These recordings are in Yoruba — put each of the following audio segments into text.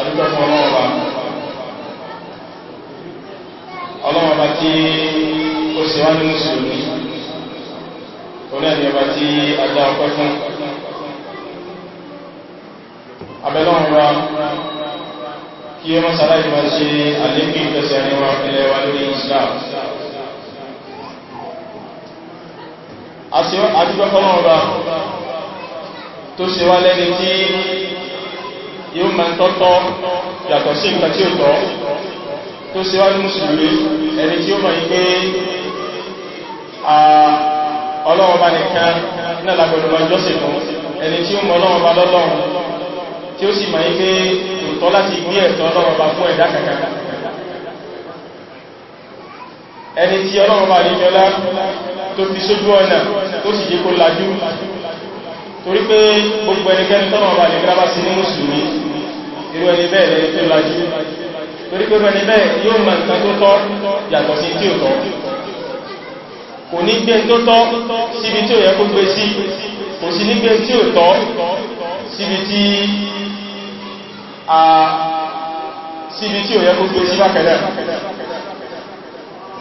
adúgbò fún ọlọ́ọ̀bá ọlọ́ọ̀bá tí ó sì wá ní mùsùlùmí orí ẹni ọba tí a dá ọpẹ́ fún abẹ́lọ́ọ̀bá kí ó mọ́sára ìgbà ṣe àlékún ìfẹsẹ̀ àríwá ilẹ̀ wa lórí Islam àti adúgbò fún ọlọ́ọ̀bá tó ṣe wá lẹ́ni tí yóò máa tọ́tọ́ yàtọ̀ sí nǹkan tí ó tọ́ tó síwájú mùsùlùmí ẹni tí ó mọ̀ yí pé ọlọ́ọba nìkan náà lágbọ̀lọ́gbà jọ́sìn fún ẹni tí ó mọ̀ ọlọ́ọba lọ́lọ́run tí ó sì mọ̀ yí pé tòótọ́ láti gbé ẹ̀tọ́ ọlọ́ọba fún ẹ̀dá kankan ẹni tí ọlọ́ọba nìkan tó fi sójú ọ̀nà tó sì yẹ kó lajú torí pé gbogbo ẹnikẹ́ni tọ́nà ọba àdìgbà bá sí ní mùsùlùmí irú ẹni bẹ́ẹ̀ lẹ́ni tó lajú torí pé ẹni bẹ́ẹ̀ yóò mọ̀ nǹkan tó tọ́ yàtọ̀ sí tí ò tọ́ kò ní gbé tó tọ́ síbi tí ò yẹ kó gbé sí kò sí ní gbé tí ò tọ́ síbi tí a síbi tí ò yẹ kó gbé sí bákẹ̀lẹ̀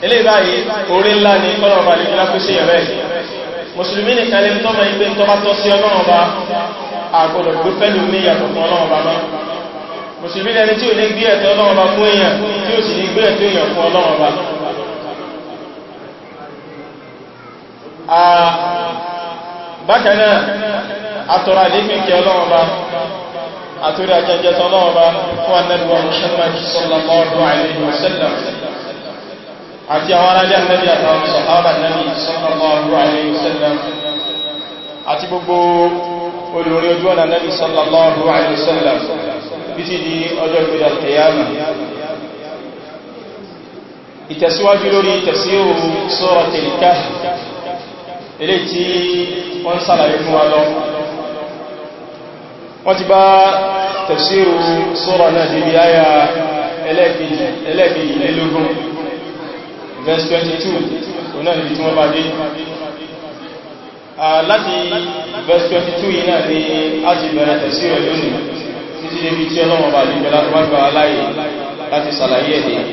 eléyìí báyìí orí ńlá ni tọ́nà ọba àdìgbà sí ẹ̀rẹ́ mùsùlùmí nìkan lè tọ́mọ̀ ìgbé tọ́bá tọ́ sí ọlọ́run ọba àgbọ̀dọ̀ gbé pẹ̀lú ní ìyàtọ̀ fún ọlọ́run ọba náà mùsùlùmí lẹni tí ò ní gbé ẹ̀tọ́ ọlọ́run ọba fún èèyàn tí ò sì ní gbé ẹ̀tọ́ àti àwọn arájá nẹ́bí àtàwọn sọ̀hábà nẹ́bí sallallahu alayhi wa sallam àti gbogbo olórí ojú ọ̀nà nẹ́bí sallallahu alayhi wa sallam títí di ọjọ́ ìgbìyà kìyàmà ìtẹ̀síwájú lórí tafsiru suratul Kahf ilé tí verse 22 ọ̀nà ibi tí wọ́n bá dé láti verse 22 yìí náà ni a ti bẹ̀rẹ̀ tẹ̀sí rẹ̀ lónìí títí débi tí ọlọ́wọ̀n bá dìbẹ̀ látọwàgbà aláyè láti sàlàyé ẹ̀dẹ̀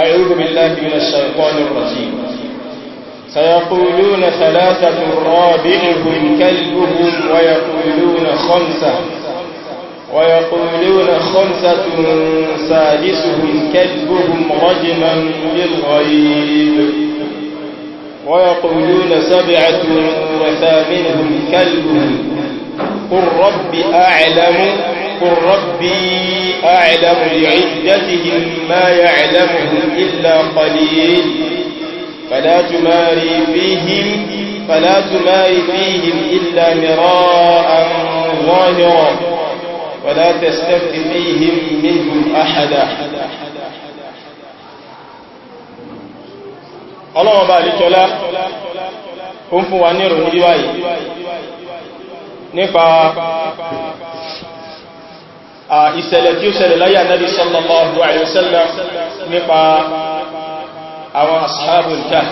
أعوذ بالله من الشيطان سيقولون ثلاثة رابعهم كلبهم ويقولون خمسة ويقولون خمسة سادسهم كذبهم رجما بالغيب ويقولون سبعة وثامنهم كلبهم قل ربي أعلم قل ربي أعلم لعدتهم ما يعلمهم إلا قليل فلا تماري فيهم فلا تماري فيهم إلا مراء ظاهرا ولا تستفت فيهم منهم أحدا ọlọ́wọ́ بارك الله. ó ń fún wa ní ìròyìn rí báyìí nípa ìṣẹ̀lẹ̀ tí ó ṣẹlẹ̀ láyé Ànábì sallallahu alaihi wasallam nípa àwọn ashabul kahf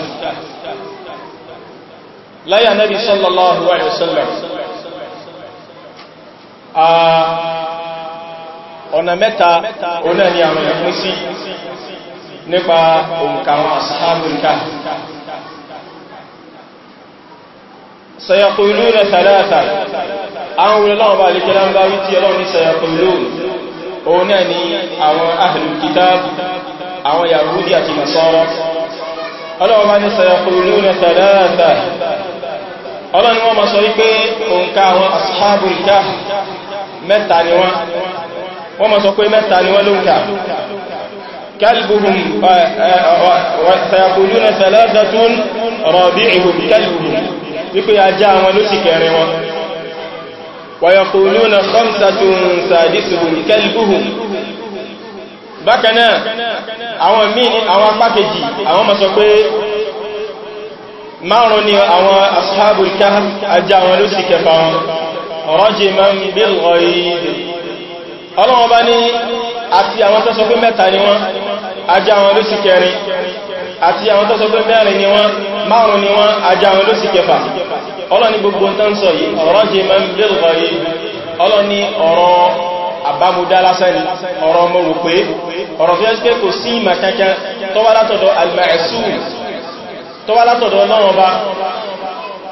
láyé Ànábì sallallahu alaihi wasallam ọ̀nà mẹ́ta ọ̀nà ni àwọn ẹ̀kún sí nípa òǹkà àwọn àṣàbùnkà sẹ̀yàkùlú rẹ̀ sàdáàtà àwọn olùlọ́wọ́ bá lèkẹ́lá ń bá wí tí ọlọ́run ní sẹ̀yàkùlú òun náà ni àwọn ahlul kitab àwọn yahudi àti nasara ọlọ́wọ́ bá ní sẹ̀yàkùlú rẹ̀ sàdáàtà ọlọ́run wọ́n ma sọ mẹ́ta ni wọ́n wọ́n mọ̀ sọ pé mẹ́ta ni wọ́n ló ń kà kalbuhum wa sayaquluna thalathatun rabi'uhum kalbuhum wípé ajá wọn ló sì kẹrin wọn wa yaquluna khamsatun sadisuhum kalbuhum bákanáà àwọn míì ní àwọn apákejì àwọn mọ̀ sọ pé márùn ni àwọn ashabul kahf ajá wọn ló sì kẹfà wọn rajiman bil ghaib ọlọ́wọ́ bá ní àti àwọn tó sọ pé mẹ́ta ni wọ́n ajá wọn ló sì kẹrin àti àwọn tó sọ pé mẹ́rin ni wọ́n márùn ni wọ́n ajá wọn ló kẹfà ọlọ́ni gbogbo tán sọ yìí rajiman bil ghaib ọlọ́ni ọ̀rọ̀ àbámúdá ni ọ̀rọ̀ ọmọ rò pé ọ̀rọ̀ fi ẹ́sẹ́ kò sí ìmọ̀ kankan tó wá látọ̀dọ̀ al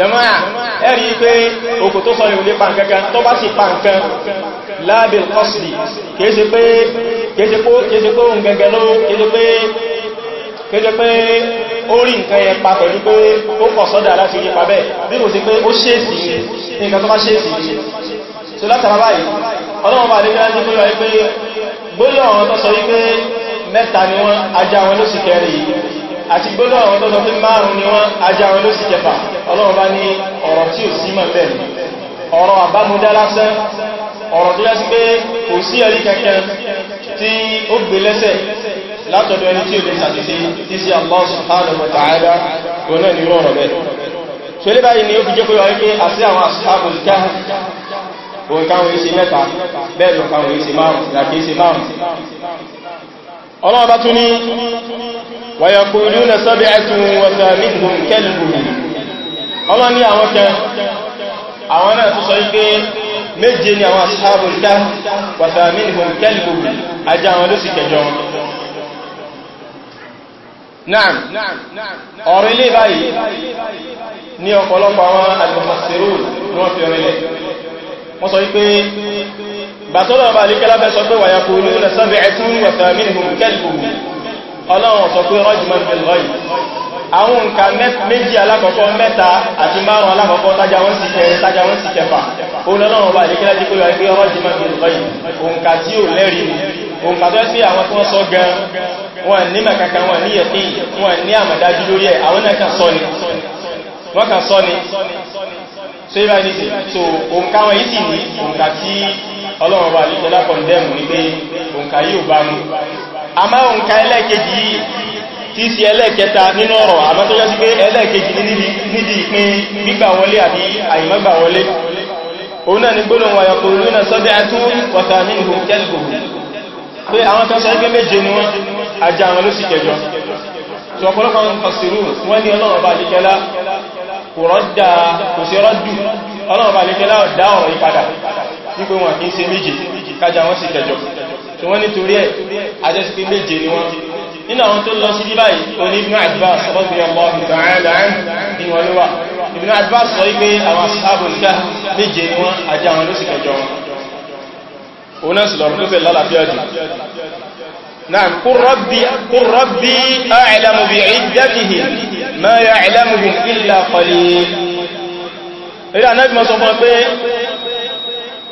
jama'a ẹ̀rí pé okò tó sọ ní olè pankankan tó bá sì pankan lábẹ̀ kọ́sìdì kéèsè pé ohun gẹ́gẹ́ ló kéèsè pé ó rí nǹkan yẹn pa pẹ̀lú pé ó kọ̀ sọ́dà láti rí pa bẹ́ẹ̀ bí kò sí pé ó ṣèèsì nǹkan tó bá ṣèèsì so látara báyìí ọlọ́wọ́ bá lè gbáyé tó yọ wípé gbóyọ̀ àwọn tó sọ wípé mẹ́ta ni wọ́n ajá wọn ló sì kẹrì àti gbọ́dọ̀ àwọn tó sọ pé márùn ni wọ́n ajá wọn ló sì kẹfà ọlọ́run bá ní ọ̀rọ̀ tí ò sí mọ̀ bẹ́ẹ̀ ọ̀rọ̀ àbámúdá lásán ọ̀rọ̀ tó yásí pé kò sí ẹ̀rí kẹkẹ tí ó gbé lẹ́sẹ̀ látọ̀dọ̀ ẹni tí ó lè sàtìsí tí sí Allah subhanahu wa ta'ala òun náà ni rọrọ̀ bẹ́ẹ̀ ṣẹlẹ́ báyìí ni ó fi jẹ́ pé wáyé pé àti àwọn ashabul kahf òun káwọn èsì mẹ́ta bẹ́ẹ̀ lọ káwọn èsì márùn ọlọ́run bá tún ní wàyàkùnrin na sábẹ̀ ẹ̀tùn wọ̀ta ní kẹlùgbùn ọlọ́run ní àwọn kẹ àwọn náà tó sọ ipé méje ni àwọn asáàbùnká wọ̀ta ní kẹlùgbùn ajá àwọn ló sì kẹjọ wọ́n sọ wípé bàtọ́lọ̀ ọba alékẹ́lá fẹ́ sọ pé wà yàkó ní ọ̀nà sábẹ̀ ẹ̀tún wà fàmílìhùn kẹ́lùkùn ọlọ́run sọ pé rọ́jùmọ̀n pẹ̀lọ́ì àwọn nǹkan méjì alákọ̀ọ́kọ́ mẹ́ta àti márùn alákọ̀ọ́kọ́ tájá wọ́n sì kẹrẹ tájá wọ́n sì kẹfà olọ́lọ́run ọba alékẹ́lá jí pé wà pé rọ́jùmọ̀n pẹ̀lọ́ì òǹkà tí ò lẹ́rìí òǹkà tó sí àwọn tí wọ́n sọ gan wọn ní àmàdájú lórí ẹ̀ àwọn náà kan sọ ni wọ́n kan sọ ni so ibá ní sí so òǹkà wọn yìí sì ní òǹkà tí ọlọ́run bá nígbẹ́ lápọ̀ndẹ́mù ní pé òǹkà yíò bá mú a máa òǹkà ẹlẹ́ẹ̀kejì yìí tí sí ẹlẹ́ẹ̀kẹta nínú ọ̀rọ̀ àmọ́ tó jẹ́ sí pé ẹlẹ́ẹ̀kejì nídi ìpín gbígbà wọlé àbí àìmọ́gbà wọlé òun náà ni gbónà wọ̀nyọ̀ kò rí náà sọ́dẹ̀ àtún wọ̀ta nínú kẹ́lùkù pé àwọn kan sọ pé méje ni wọ́n ajá àwọn ló sì kẹjọ tí ọ̀pọ̀lọpọ̀ ń fọ́sìrú wọ́n ní ọlọ́run bá kò rọ́dà kò sí rọ́dù ọlọ́run bá ọ̀dá ọ̀rọ̀ ìpadà wípé wọn kí ń ṣe méje kájá wọn sì kẹjọ tí wọ́n nítorí ẹ̀ ajẹ́sí pé méje ni wọ́n nínú àwọn tó lọ sí bí báyìí oní Ibn Abbas Ibn Abbas sọ wípé àwọn ashabu nìká méje ni wọ́n ajá wọn ló sì kẹjọ wọn òun náà sì lọ tó fẹ́ lálàáfíà jù نعم قل ربي قل ربي أعلم بعدتهم ما يعلمهم إلا قليل إلى نجم صفا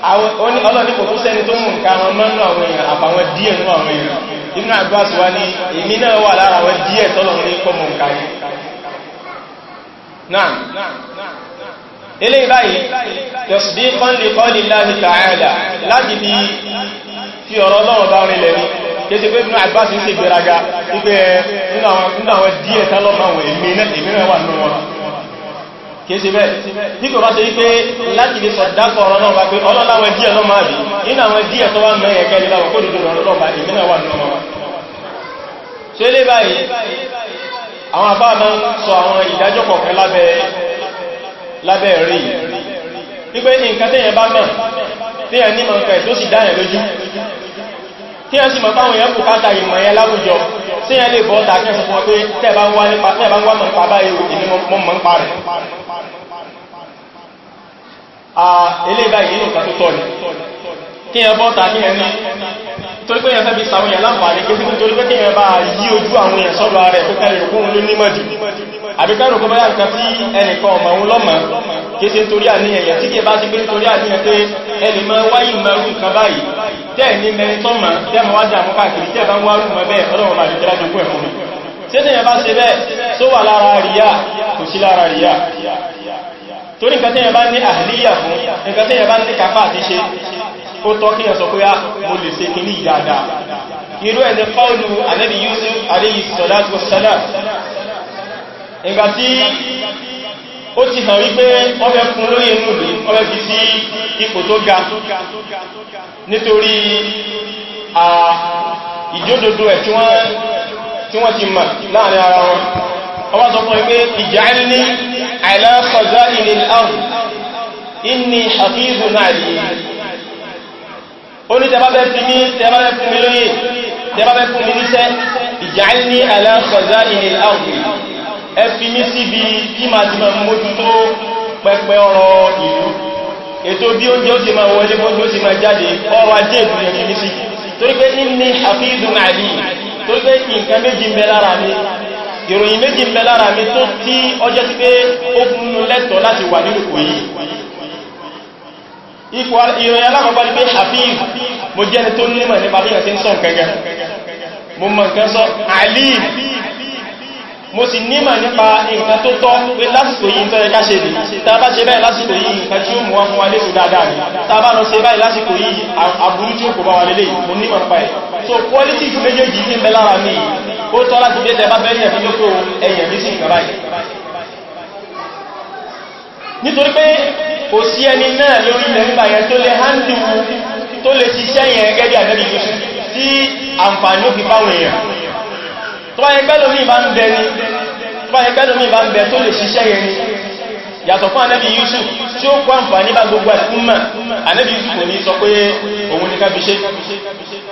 ọlọ́ni kò tún sẹ́ni tó mú nǹkan wọn mọ́nà àwọn èèyàn àbàwọn díẹ̀ nínú àwọn èèyàn Ibn Abbas wá ní èmi náà wà lára àwọn díẹ̀ tọ́lọ̀run ní kọ́ mú nǹkan yìí náà ilé ìbáyìí tasdiqan li qawli Allahi ta'ala láti fi ọ̀rọ̀ bá lẹ́ni pé ń gbéraga wípé nínú àwọn díẹ̀ èmi náà wà nínú wọn kéèsì bẹ́ẹ̀ bí kò bá ṣe wípé láti lè sọ̀dápọ̀ ọ̀rọ̀ náà wá pé ọlọ́láwẹ̀ díẹ̀ lọ́mọ àbí iná àwọn díẹ̀ tó wá mẹ́rin ẹ̀kẹ́ níláwọ̀ kó dìdò ọ̀rọ̀ lọ́mọ ìmìnà wà nínú wọn ṣe lé báyìí àwọn àbá máa ń sọ àwọn ìdájọ́ kọ̀ọ̀kan lábẹ́ rí wípé nǹkan tẹ́yẹn bá mọ̀ tẹ́yẹn ní mọ̀ nǹkan ẹ̀ tó sì dáyẹ̀ lójú tí a sì mọ̀ fáwọn èèyàn kò káta ìmọ̀ ẹ̀yà láwùjọ tí a lè bọ́ta kẹfún fún pé tẹ́ẹ̀bá ń wá mọ̀ nípa báyìí ìní mọ́ mọ́ ń parẹ̀ eléba yìí nǹkan tó tọ́ ni kí ẹ bọ́ta ní ẹni tó pé ẹ fẹ́ bí sàwọn èèyàn láǹfààní kí tó pé kí ẹ bá yí ojú àwọn èèyàn sọ́rọ̀ rẹ̀ tó kẹrì òkú ló nímọ̀ jù àbíkẹ́rù kó báyà nǹkan tí ẹnìkan ọmọ òun lọ́mọ kí ṣe nítorí àníyàn tí kí ẹ bá ti pé nítorí àníyàn pé ẹnìmọ̀ wáyìí mẹ́rù nǹkan báyìí tẹ́ ní mẹ́rin tọ́ ma tẹ́ ma wá jà mọ́ káàkiri tẹ́ bá ń wárùn mọ́ bẹ́ẹ̀ ọlọ́wọ́ ma lè jẹ́ lájú pẹ̀ fún mi tí tẹ́yẹ bá ṣe bẹ́ẹ̀ tó wà lára ríyà kò sí lára ríyà torí nǹkan tẹ́yẹ bá ní àhìlíyà fún nǹkan tẹ́yẹ bá ní kápá àti ṣe ó tọ́ kí ẹ̀sọ pé ah, mo lè ṣe kí ní ìdáadá irú ẹni pọ́ọ̀lù anẹ́bí Yusuf alayhi salatu ó ti hàn wípé ọbẹ̀ fún lóyè inú rí ọbẹ̀ fi sí ipò tó ga nítorí ìjódodo ẹ̀ tí wọ́n ti mọ̀ láàrin ara wọn ọba sọ fún ẹgbẹ́ ij'alni ala khaza'inil ard inni hafizun alim ó ní tẹbàbẹ́ fún mi tẹbàbẹ́ fún mi lóyè tẹbàbẹ́ fún mi níṣẹ́ ij'alni ala khaza'inil ard ẹ fi mí síbi tí máa ti máa mójú pẹpẹ ìlú ètò bí oúnjẹ ó ti máa wọlé bọ́jú ó ti máa jáde ọrọ̀ ajé ìlú yẹn sí torí pé ní àfihàn àlì torí pé nǹkan méjì ń bẹ lára mi ìròyìn méjì ń bẹ lára mi tó tí ọjọ́ pé ó fún un láti wà nínú kò yìí ipò ìròyìn mo sì nímọ̀ nípa nǹkan tó tọ́ pé lásìkò yìí tó ẹka ṣe lè tàbá ṣe báyìí lásìkò yìí nǹkan tí ó mú wá fún wa léṣù dáadáa rí tàbá lọ ṣe báyìí lásìkò yìí àbúrú tí ó kò bá wà lélẹ̀ mo nímọ̀ pa ẹ̀ so quality ju méjèèjì ní mẹ́ lára mi ó tọ́ láti bí ẹ̀tẹ́ bá bẹ́ẹ̀ yẹ̀ nínú tó ẹ̀yẹ̀ ní sí nǹkan báyìí nítorí pé kò sí ẹni náà lórí ilẹ̀ nígbà yẹn tó lè handle tó lè tọ́wọ́ ẹgbẹ́lómi bá ń bẹ ní tọ́wọ́ ẹgbẹ́lómi bá ń bẹ tó lè ṣiṣẹ́ yẹn ni yàtọ̀ fún anẹ́bí Yusuf tí ó kó àǹfàní bá gbogbo àtìkúnmà anẹ́bí Yusuf kò ní sọ pé òun ní kábíṣẹ́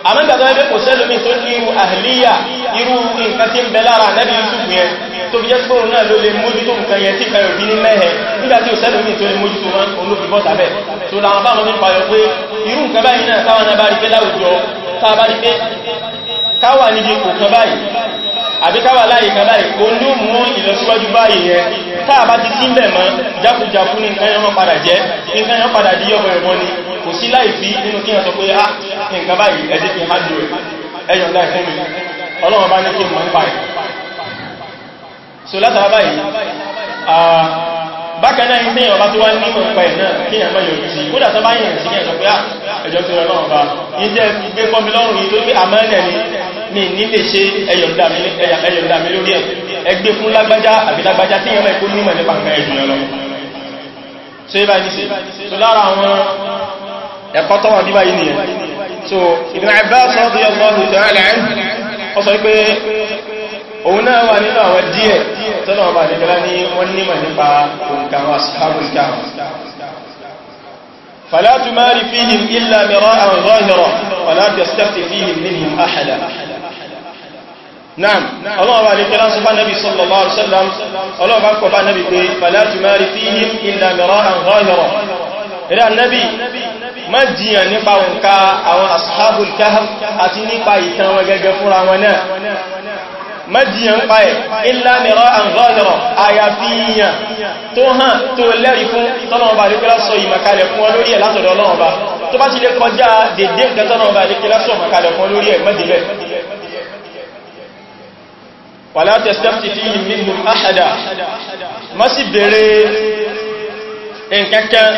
àmẹ́gbàtọ̀ ẹgbẹ́ kò sẹ́lómi tó ní irú àhìlíyà irú nǹkan tí ń bẹ lára anẹ́bí Yusuf yẹn tó fi jẹ́ pé òun náà ló lè mójútó nǹkan yẹn tí kẹrò bí ní mẹ́hẹ̀ nígbàtí ò sẹ́lómi tó lè mójútó wọn olófin bọ́ sábẹ̀ tó làwọn bá wọn nípa yọ pé irú nǹkan báyìí náà táwọn abárí pé láwùjọ táwọn abárí pé káwà níbi kò báyìí àbí káwà láyé kan láyé kó ló mú ìlọsíwájú báyìí yẹn táà bá ti sílẹ̀ mọ́ jákújákú ní nǹkan yọ́n padà jẹ́ nǹkan yọ́n padà di yọ́bọ̀ ẹ̀wọ́n ni kò sí láì fi nínú kí wọ́n sọ pé á ah, nǹkan báyìí ẹ̀dẹ́ fi há bákanáà ní tẹ́yàn bá tó wá nímọ̀ nípa ẹ̀ náà kí ẹ̀mọ́ yóò sí ó dà sábá yìí sí ẹ̀sọ pé ẹjọ́ tó rẹ̀ lọ́wọ́ bá ní jẹ́ gbé fọ́mi lọ́rùn yìí tó gbé àmọ́lẹ̀ ní nílé ṣe ẹyọ̀dà mi lórí ẹ̀ ẹgbẹ́ fún lágbájá àbí lágbájá tí ẹ̀mọ́ ikú nímọ̀ nípa nǹkan ẹ̀jù lọ so ibà ní sí so lára àwọn ẹ̀kọ́ tó wà bíbá yìí nìyẹn so Ibn Abbas radiyallahu ta'ala anhu ó sọ pé òun náà wà nínú àwọn díẹ̀ tọ́nà ọba nìkọlá ní wọ́n nímọ̀ nípa òǹkà àwọn asìkábùsíkà فلا تمار فيهم إلا مراء ظاهرا ولا تستفت فيهم منهم أحدا Naam, Allah wa alikira sọ bá Nabi sallallahu alaihi wasallam, Allah bá kọ bá Nabi pé, "Fala tumari fihim illa mira'an ghayra." Ìrẹ́ Nabi, má jiyàn nípa òǹkà àwọn ashabul kahf àti nípa ìtàn wọn gẹ́gẹ́ fúnra wọn náà mẹ́jìyàn pa ẹ̀ ilá mẹ́rọ àǹzọ́lẹ̀rọ̀ àyàfihàn tó hàn tó lẹ́rí fún tọ́lọ̀ọba àríkẹ́lá sọ ìmọ̀kalẹ̀ fún olórí ẹ̀ látọ̀dọ̀ ọlọ́ọba tó bá ti lè kọjá dédé nǹkan tọ́lọ̀ọba àríkẹ́lá sọ ìmọ̀kalẹ̀ fún olórí ẹ̀ mẹ́dìlẹ̀ wàlá tẹ́sítẹ́fì tí yìí nínú àṣàdà má sì bèèrè nǹkankan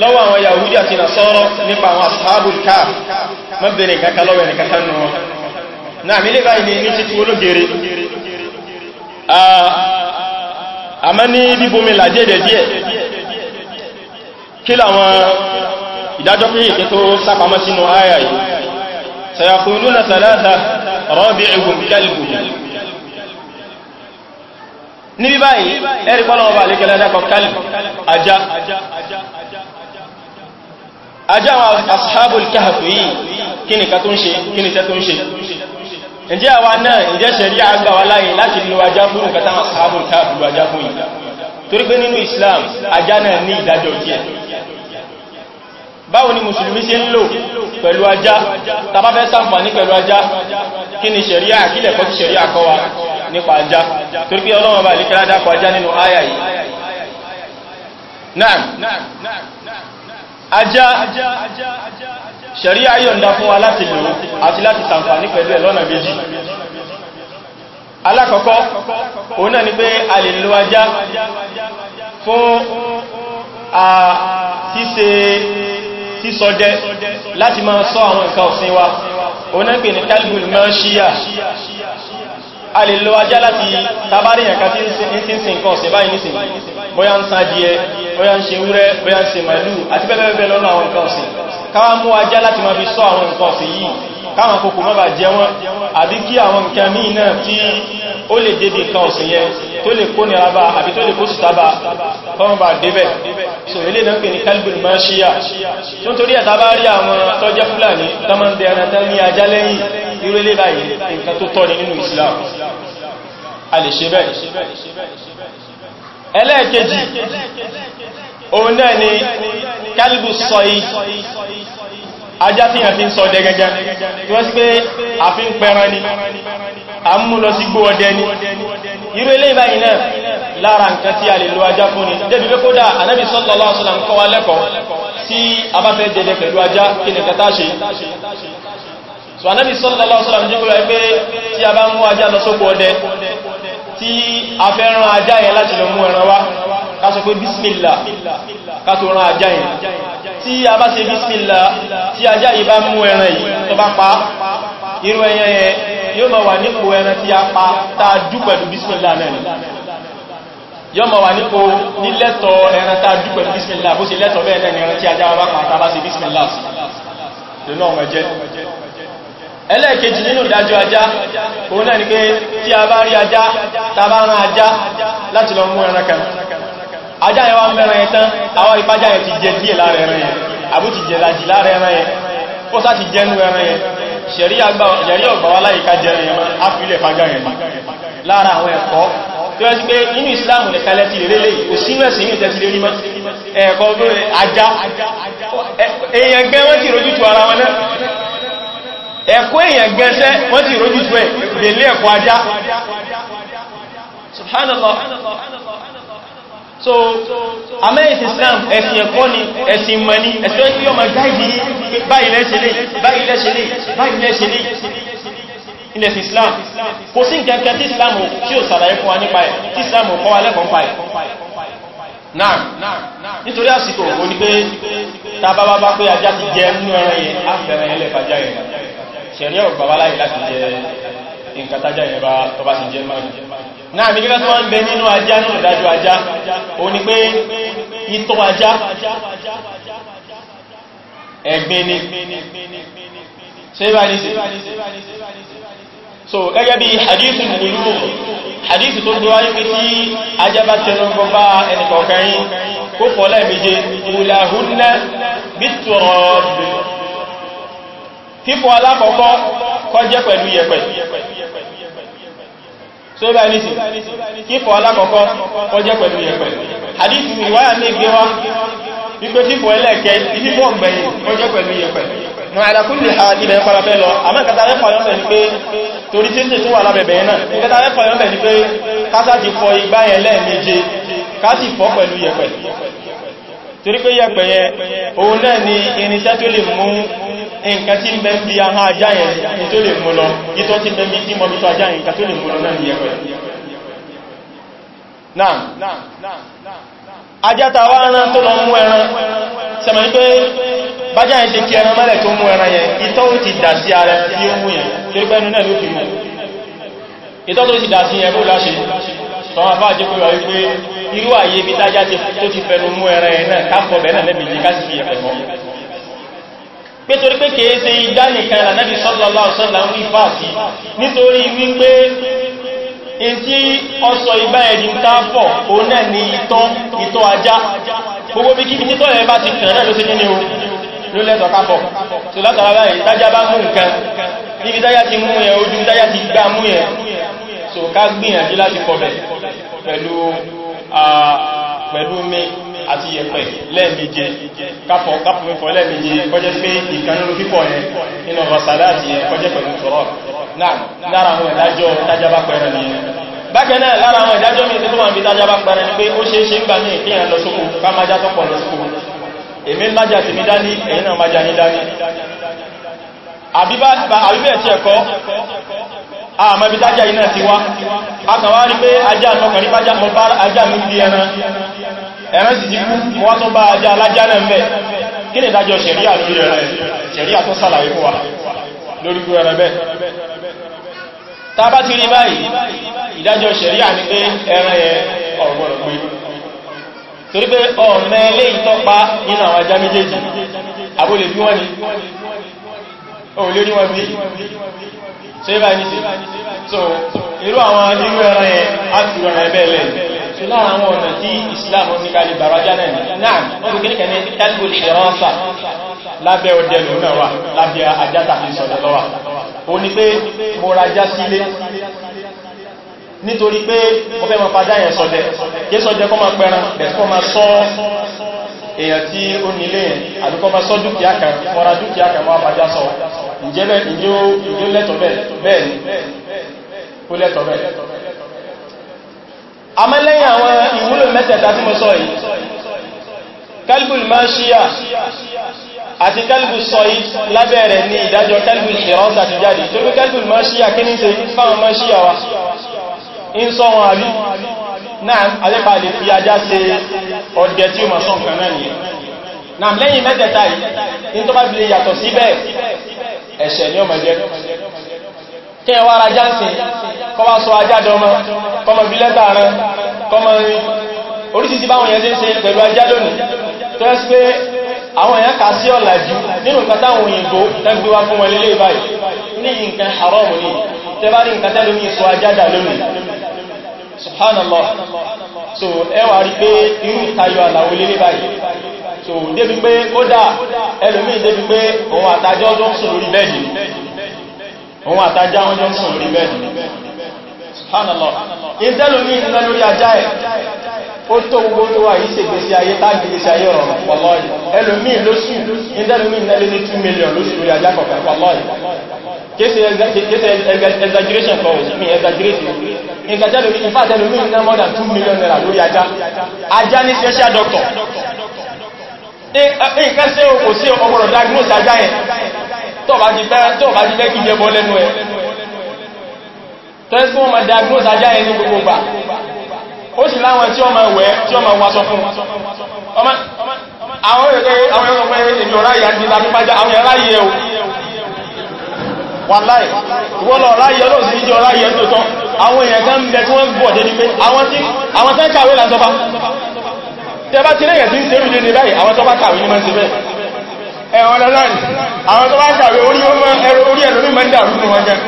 lọ́wọ́ àwọn Yahudi àti Nasara nípa àwọn asáàbùl káà má bèèrè nǹkankan lọ́wọ́ ẹnìkankan nù wọn náà mílé báyìí ní títí ológere àmọ́ ní bíbomi làjẹ́dẹ̀ díẹ̀ kí làwọn ìdájọ́ pé ìkẹ́ tó sápamọ́ sínú àyà yìí sayaquluna thalatha rabi'uhum kalbuhum ní bí báyìí ẹ̀rí pọ́lọ́wọ́ bá lè kẹlẹ́ dákọ̀ kalb ajá ajá àwọn ashabul kí ni kí ni tẹ́ tó ń ṣe ǹjẹ́ àwa náà ǹjẹ́ ṣẹ̀rí àgbà wa láyé láti lo ajá fún nǹkan táwọn sáàbùn káàbù ajá fún yìí torí pé nínú Islam ajá náà ní ìdájọ́ díẹ̀ báwo ni mùsùlùmí ṣe ń lò pẹ̀lú ajá tàbá fẹ́ ṣàǹfààní pẹ̀lú ajá kí ni ṣẹ̀rí àkílẹ̀ ti ṣẹ̀rí àkọ́ nípa ajá torí pé ọlọ́run ṣẹ̀ríà yọ̀ǹda fún wa láti lò àti láti ṣàǹfààní pẹ̀lú ẹ̀ méjì alákọ̀ọ́kọ́ òun náà ni pé a lè lo ajá fún a ṣíṣe sísọdẹ láti máa ṣọ́ àwọn nǹkan ọ̀sìn wa òun náà pè ní kalbul mashiya a lè lo ajá láti tabariyan ká tí ń sin nǹkan ọ̀sìn báyìí nísìn bóyá ń sa díẹ̀ bóyá ń ṣe wúrẹ́ bóyá ń ṣe màlúù àti bẹ́ẹ̀bẹ́ẹ̀ lọ́nà àwọn nǹkan ọ̀sìn káwà mú ajá láti ma fi sọ àwọn nǹkan ọ̀sìn yìí káwọn kòkò má bà jẹ wọn àbí kí àwọn nǹkan míì náà tí ó lè débi nǹkan ọ̀sìn yẹn tó lè kó nira bá àbí tó lè kó sùtá bá kọ́wọ́n bà débẹ̀ so ilé náà pè ní kalbin ma ṣíyà tó ń torí ẹ̀ta bá rí àwọn tọ́jẹ́ fúlàní tọ́mọ́ ń dẹran tán ní ajá lẹ́yìn irú ilé báyìí nǹkan tó tọ́ ni nínú Islam a lè ṣe bẹ́ẹ̀ ẹlẹ́ẹ̀kejì òun náà ni kálbù sọ́yí ajá tí yàn fi ń sọ ọdẹ gẹ́gẹ́ tí wọ́n sí pé a fi ń pẹran ni a ń mú lọ sí gbó ọdẹ ni irú ilé ìbáyìí náà lára nǹkan tí a lè lo ajá fún ni débi pé kódà anábì sallallahu alaihi wasallam kọ́ wa lẹ́kọ̀ọ́ tí a bá fẹ́ jẹjẹ pẹ̀lú ajá kí ni kẹta ṣe so anábì sallallahu alaihi wasallam jẹ́ kúrò pé tí a bá mú ajá lọ a fẹ́ rán ajá yẹn láti lọ mú ẹran wá ká sọ pé bísmìlá ká tó rán ajá yìí tí a bá ṣe bísmìlá tí ajá yìí bá mú ẹran yìí tó bá pa irú ẹyẹ yẹn yóò máa wà nípò ẹran tí a pa tá a dú pẹ̀lú bísmìlá náà yóò máa wà nípò nílẹ́tọ̀ ẹran tá a dú pẹ̀lú bísmìlá bó ṣe lẹ́tọ̀ bẹ́ẹ̀ náà ẹran tí ajá bá ẹlẹ́ẹ̀kejì nínú ìdájọ́ ajá òun náà ni pé tí a bá rí ajá tàbá rán ajá láti lọ mú ẹran ajá yẹn wá mẹ́rin ẹ̀ tán àwọn ìpájá yẹn ti jẹ díẹ̀ lára ẹran yẹn àbú ti jẹ lájì lára ẹran yẹn ó sá ti jẹnu ẹran yẹn ṣẹ̀rí ọgbà wá láyìíká jẹrin yẹn á fi ilẹ̀ fájá yẹn lára àwọn ẹ̀kọ́ tó yẹ́ sí pé inú ìsìláàmù ní kalẹ̀ ti lè lè kò sí mẹ́sì inú ìtẹ́ ti lè rí mọ́ ẹ̀kọ́ tó rẹ̀ ajá èèyàn gẹ́ wọ́n ti rojú tu ara wọn náà ẹ̀kọ́ èèyàn gẹ́sẹ́ wọ́n ti rojú ẹ̀ lè lé ẹ̀kọ́ ajá subhanallah so amẹ́yìn islam ẹ̀sìn ẹ̀kọ́ ni ẹ̀sìn mọ̀ ni ẹ̀sìn tí ó ma gáìdì báyìí lẹ́ṣẹ̀lẹ̀ báyìí lẹ́ṣẹ̀lẹ̀ báyìí lẹ́ṣẹ̀lẹ̀ ilẹ̀ islam kò sí nkẹ́kẹ́ tí islam tí ó sàlàyé fún wa nípa ẹ̀ tí islam kọ́ wa lẹ́kọ̀ọ́ pa ẹ̀ náà nítorí àsìkò ò ní pé tàbábá bá pé náà mi kíkẹ́ tó wọ́n ń bẹ nínú ajá nínú ìdájọ́ ajá o ní pé ìtọ̀ ajá ẹ̀gbin ni ṣe bá ní sí so gẹ́gẹ́ bí hadithu gbogbo hadithu tó gbọ́ wáyé pé tí ajá bá tẹnu gbọ́gbá ẹnìkọ̀ọ̀kan yìí kó fọ́ lẹ́ẹ̀méje ìlàhúnnẹ́ bí tọ̀rọ̀ fífọ́ alákọ̀ọ́kọ́ kọjẹ́ pẹ̀lú yẹ̀pẹ̀ so ibà ní sí kíkọ̀ alákọ̀ọ́kọ́ je pẹ̀lú yẹ̀pẹ̀ hadith ni wáyà ní gbé wá wípé kíkọ̀ ẹlẹ́ẹ̀kẹ́ ìfífọ́ gbẹ̀yìn ó jẹ́ pẹ̀lú yẹ̀pẹ̀ ní àdàkùnlé ilẹ̀ ìparapẹ́ lọ àmọ́ ìkàtàrẹ́fà yọ́nbẹ̀ ni pé torí tí ń tẹ̀ tó wà lábẹ̀bẹ̀ fọ yẹn lẹ́ẹ̀méje ká sì fọ́ pẹ̀lú pé yẹ̀pẹ̀ nǹkan tí ń bẹ bí aha ajá yẹn ní tó lè mú lọ ìtọ́ tí ń bẹ bí tí mọ́ bí tó ajá yẹn nǹkan tó lè mú lọ náà ní ẹ̀pẹ̀ náà ajá ta wá rán tó lọ mú ẹran sẹmọ̀ ní pé bájá yẹn ṣe kí ẹran mẹ́lẹ̀ tó mú ẹran yẹn ìtọ́ ó ti dà sí ara bí ó mú yẹn tó gbẹ́nu náà ló fi mú ìtọ́ tó ti dà sí yẹn bó láṣe tọ́wọ́ afá jẹ́ pé wọ́n pé irú àyè bí tájá tó ti fẹnu mú ẹran yẹn náà ká fọ́ bẹ́ẹ̀ náà ká sì fi ẹ̀pẹ̀ mọ́ pé torí pé kìí ṣe idá nìkan ànábì sallallahu alaihi wasallam ń fà sí nítorí wípé in tí ọsọ ìbá ẹ̀dì ń táfọ̀ òun náà ni ìtọ́ ìtọ́ ajá gbogbo bí kí nítọ́ ẹ̀ bá ti kàn náà ló sí nínú ló lẹ́tọ̀ kápọ̀ tó látara báyìí tájá pẹ̀lú mi àti yẹ̀pẹ̀ lẹ́ẹ̀mejì kápọ̀ kápọ̀ mẹ́fọ̀ lẹ́ẹ̀mejì kọjẹ́ pé ìkanúrú pípọ̀ yẹn nínú rọ̀sàláàtì yẹn kọjẹ́ pẹ̀lú tọ́rọ̀ náà lára àwọn ìdájọ́ tájábá pẹ̀rẹ̀ nìyẹn bákan náà lára àwọn ìdájọ́ mi tó wà ní tájábá pẹ̀rẹ̀ ni pé ó ṣe é ṣe ń gbà ní ìpínyàn lọ sóko ká máa já tọ́pọ̀ lọ sóko èmi májá ti mi dání ẹ̀yìn náà májá ní dání àbíbẹ̀ tí ẹ̀kọ́ àmàbí dájá iná ti wá akàwà rí pé ajá àtọkàrí bá jápọ̀ bá ajá mi di ẹran ẹran sì ti kú wọ́n tó bá ajá alájá náà mẹ́ kí lè dájọ́ ṣẹ̀ríà lórí ẹran ṣẹ̀ríà tó sàlàyé fún wa lórí kú ẹran bẹ́ ta bá ti rí báyìí ìdájọ́ ṣẹ̀ríà ní pé torí pé ọ̀mẹ́ ilé ìtọ́pa nínú àwọn ajá méjèèjì abólè bí wọ́n ni òun lórí wọn bí ṣe bá ní so irú àwọn irú ẹran yẹn a ti rọrọ ẹ̀bẹ̀ lẹ́ so lára Islam ní kalì bàrájá náà náà wọ́n tó kíníkà ní tẹ́lbù ìrọ́nsà lábẹ́ ọdẹ lónà wà lábẹ́ ajátà fi sọ̀dọ̀ lọ́wà o ní pé mo rajá sílé nítorí pé ọfẹ́ mọ̀ fàjá yẹn sọ̀dẹ̀ kí sọ̀dẹ̀ kọ́ máa pẹran bẹ̀ kọ́ sọ́ èèyàn tí ó nílé yẹn àdúkọ́ bá sọ dúkìá kan wọ́n ra dúkìá kan wọ́n àbájá sọ ǹjẹ́ bẹ́ẹ̀ ìjó lẹ́tọ̀ bẹ́ẹ̀ ni ó lẹ́tọ̀ bẹ́ẹ̀ amẹ́lẹ́yìn àwọn ìwúlò mẹ́tẹ̀ẹ̀ta tí mo sọ yìí kalbul mashiya àti kalbul sọ́yí lábẹ́ẹ̀rẹ̀ ní ìdájọ́ kalbul ṣẹ̀rọ́nsà ti jáde torí kalbul mashiya kí ní ṣe fáwọn mashiya wa ń sọ wọn àbí náà alẹ́pà lè fi ajá ṣe ọdẹ tí ó sọ́n kan náà náà lẹ́yìn yìí tó bá fi lè yàtọ̀ síbẹ̀ ẹ̀ṣẹ̀ ni kí jáǹsìn sọ ajá dọmọ rẹ báwọn ṣe ń ṣe pẹ̀lú tó ẹ́ sí pé àwọn èèyàn kà sí nínú nǹkan táwọn òyìnbó tẹ́gbé wá fún wọn báyìí ní subhanallah so ẹwà rí pé irú tayọ àlàwò lélé báyìí so débi pé ó dà ẹlòmíì débi pé òun àtajọ́ jọ ń sùn lórí bẹ́ẹ̀dì òun àtajá wọn jọ ń sùn lórí bẹ́ẹ̀dì subhanallah ìtẹ́lòmí ìlọ lórí ajá ẹ̀ ó tó gbogbo tó wà yìí ṣe gbèsè ayé táàgbì gbèsè ayé ọ̀rọ̀ pọ̀lọ́yìn ẹlòmíì lóṣù ìtẹ́lòmí ìlọ lórí 2 million lóṣù lórí ajá kọ̀ọ̀kan pọ̀lọ́yìn kéèsì exaggeration kan òsì mi exaggeration in fact tẹ́lò mi ná more than two million naira lórí ajá ajá ní special doctor nǹkan tí o kò sí ọgbọ̀rọ̀ diagnose ajá yẹn tó bá ti fẹ́ kí jẹbọ lẹ́nu ẹ tọ́lẹ́sí wọ́n ma diagnose ajá yẹn ní gbogbo gbà ó sì láwọn tí wọ́n ma wẹ̀ tí wọ́n ma wáṣọ fún àwọn ẹ̀rọ ẹ̀rọ ẹ̀rọ ẹ̀rọ ẹ̀rọ ẹ̀rọ ẹ̀rọ wàláì ìwọ́lọ̀ ráyẹ ọlọ́run sí ìjọ ráyẹ tó tọ́ àwọn èèyàn kan ń bẹ tí wọ́n bọ̀ dédé pé àwọn tán kàwé lásọba tẹbá ti lẹ́yẹ̀ tí ń tẹ́rù dédé báyìí àwọn tọ́bá kàwé ní mọ́sí bẹ́ẹ̀ ẹ̀wọ̀n lọ́láàrí àwọn tọ́bá kàwé orí ẹ̀lómi mọ́ ń dàrú fún wọn gan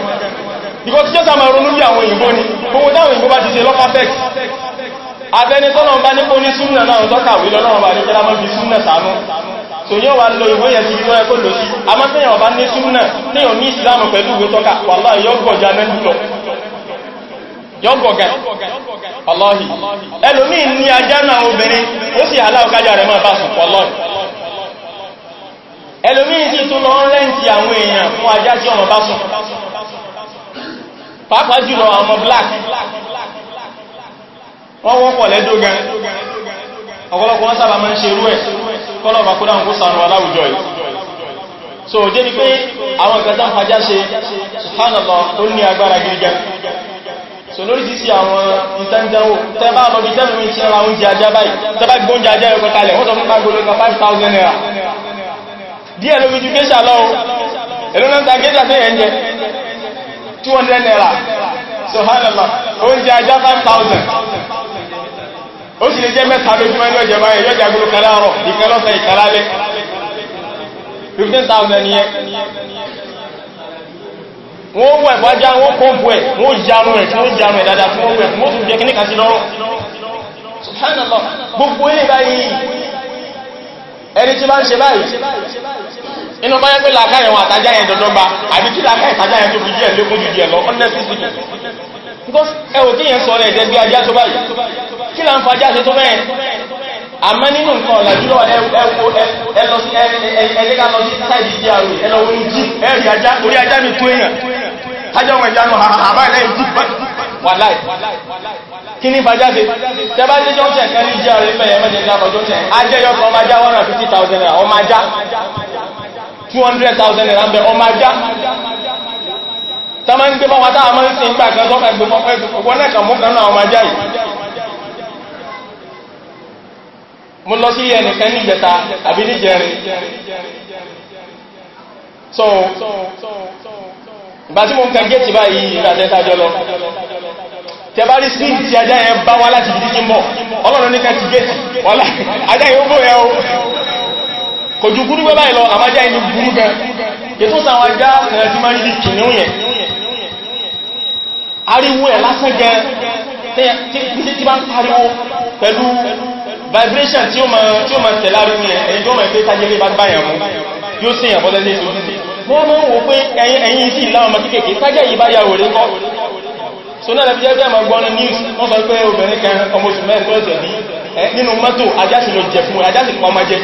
ìkọ́ tí jọ́ta máa ronú bí àwọn òyìnbó ni gbogbo táwọn òyìnbó bá ti ṣe lọ́pàá fẹ́ẹ̀kì abẹ́ni tọ́lọ̀ bá ní kó ní súnnà náà tọ́kàwé lọ́lọ́wọ́ bá ní kẹ́lámọ́ bí súnnà sàánú so yóò wá lọ ìwé yẹn sí ìwé ẹ̀kọ́ lọ sí a máa tẹ́yàn ọba ní súnmọ́ ní ìsìlámù pẹ̀lú ìwé tọ́ka wàlá mẹ́lú lọ ọlọ́hì ẹlòmí ní ajá náà obìnrin ó sì aláwọ̀kájá rẹ̀ máa bá sùn ẹlòmí sì tún lọ rẹ́ǹtì àwọn èèyàn fún ajá ọmọ bá sùn pàápàá jùlọ àwọn black wọ́n kọ́lọ̀bà kó dáhùn kó sànù aláwùjọ yìí so jẹ́ ni pé àwọn ìgbẹ̀ta fàjá ṣe subhanallah tó ní agbára gírígá so lórí ti sí àwọn ìtẹ́ndẹ̀wò tẹ́bá lọ́bí tẹ́lùmí tí ra oúnjẹ ajá báyìí tẹ́bá gbóúnjẹ ajá ẹ̀kọ́ kalẹ̀ wọ́n sọ fún pàgbólé naira díẹ̀ lórí ju kéṣà lọ́wọ́ èlò náà ta kéṣà tẹ́ ẹ̀ ń jẹ 200 naira subhanallah ó sì lè jẹ́ mẹ́ta lójúmọ́ ní ọjọ́ báyẹ̀ yọjà gbogbo kan láàárọ̀ ìkan lọ́sẹ̀ ìkan lálẹ́ 15,000 ni ẹ wọ́n wẹ̀ fájá wọ́n kọ́ǹpù ẹ̀ wọ́n jarun ẹ̀ tí wọ́n jarun ẹ̀ dáadáa tí wọ́n jẹ́ subhanallah gbogbo ilé báyìí ẹni tí máa ń ṣe báyìí inú bá yẹ́ pé làákàyẹ̀wọ̀n àtajá yẹn dọ́dọ́gba àbí kí làákàyẹ̀ àtajá yẹn tó fi díẹ̀ lékún jù díẹ̀ lọ honestly speaking because ẹwò kí yẹn sọ̀rọ̀ ẹ̀dẹ́ bí ajá tó báyìí kí là ń fa ajá tó mẹ́ẹ̀ àmọ́ nínú nǹkan ọ̀làjúlọ ẹlẹ́gà lọ sí sáìdì sí àrò ẹlọ́wọ́ ìjì ẹ̀rì ajá orí ajá mi tó èèyàn ajá ọmọ ìjánu àbá ilẹ̀ ìjì wàláì kí ní fàjá sí tẹbá jẹ́ jọ́sẹ̀ kan ní jẹ́ àrẹ mẹ́rin mẹ́rin lápọ̀ jọ́sẹ̀ ajẹ́yọ́ kan ọmọ ajá 150,000 naira ọmọ ajá 200,000 naira ọmọ ajá tàbí ń gbé bọ́wọ́ táà máa ń sin ìgbà kan sọ́kà ìgbòmọ́pẹ́ ìgbòmọ́pẹ́ lẹ́kàn mú kan náà ọmọ ajá yìí mo lọ sí ẹnìkan ní ìjẹta àbí ní jẹrin so ìgbà tí mo ń kan gẹ́ẹ̀tì báyìí ìrìnàjẹ́ta jọ lọ tẹbárí speed ti ajá yẹn bá wá láti ìdíjí mọ́ ọlọ́run ní kàtí gẹ́ẹ̀tì wọ́lá ajá yẹn ó bó yẹn o kò ju gúrúgbẹ́ báyìí lọ àmájá yẹn ní gúrúgbẹ́ ètò sàwọn ajá kan ti máa ń rí kìnnìún yẹn ariwo ẹ̀ lásán jẹ tí bá ń pariwo pẹ̀lú vibration tí ó ma tẹ̀lá rí ní ẹ̀yìn tó mọ̀ pé tajẹ́lé bá báyàn mú yóò sí ìyàn bọ́tẹ́lé tó ní wọ́n mọ́ wò pé ẹ̀yìn sí ìlànà ọmọ kéèkéé tajẹ́ yìí bá yàwó rí kọ́ so náà lẹ́bí jẹ́ ma gbọ́nà news wọ́n sọ pé obìnrin kan ọmọ oṣù mẹ́rin tó ẹ̀sẹ̀ ní nínú mọ́tò ajásì lọ jẹ fún ajásì pa ọmọ jẹ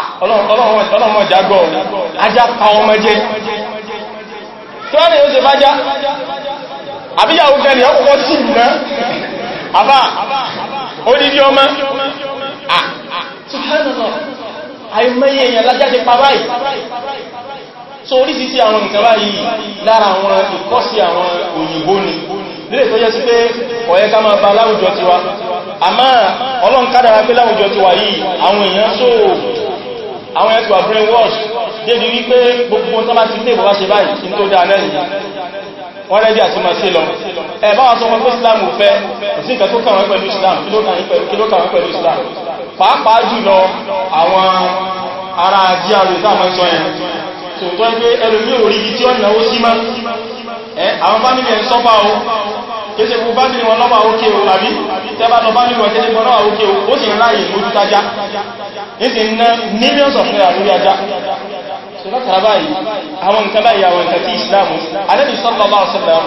ah, ọlọ́run ọjà gbọ́ ajá pa ọmọ jẹ tọ́rọ yóò ṣe fájá àbíyàwó gẹni ọkọ̀ sí àbá odidi ọmọ àìmẹ́yẹ èèyàn lájáde pàbáyì so orísìsí àwọn nǹkan yìí lára àwọn sí àwọn òyìnbó ni nílé tó yẹ́ sí pé ọ̀yẹ́ ká máa bá láwùjọ àmá pé láwùjọ yìí àwọn èèyàn àwọn ẹ̀tù àbúrẹ́ wọ́ṣ débi wípé gbogbo tó bá ti ní ìbọ̀wá ṣe báyìí tí tó dáa lẹ́yìn wọ́n rẹ́dí àti máa ṣe lọ ẹ̀bá wọn sọ wọn pé Islam ò fẹ́ kò sí ìkàtó kàwọn pẹ̀lú Islam kí ló kàwọn pẹ̀lú Islam pàápàá jùlọ àwọn ará jíàrù táwọn àwọn fámílì ẹ̀ sọ́pá o kéṣe kú fámílì wọn lọ́pàá òkè o àbí tẹ́bà lọ fámílì wọn kéṣe kú lọ́pàá òkè o ó sì ń ráyè mójú tájá ní sì ń ná millions of naira lórí ajá so látara báyìí àwọn nǹkan báyìí àwọn nǹkan tí Islam alẹ́bí sallallahu alaihi wasallam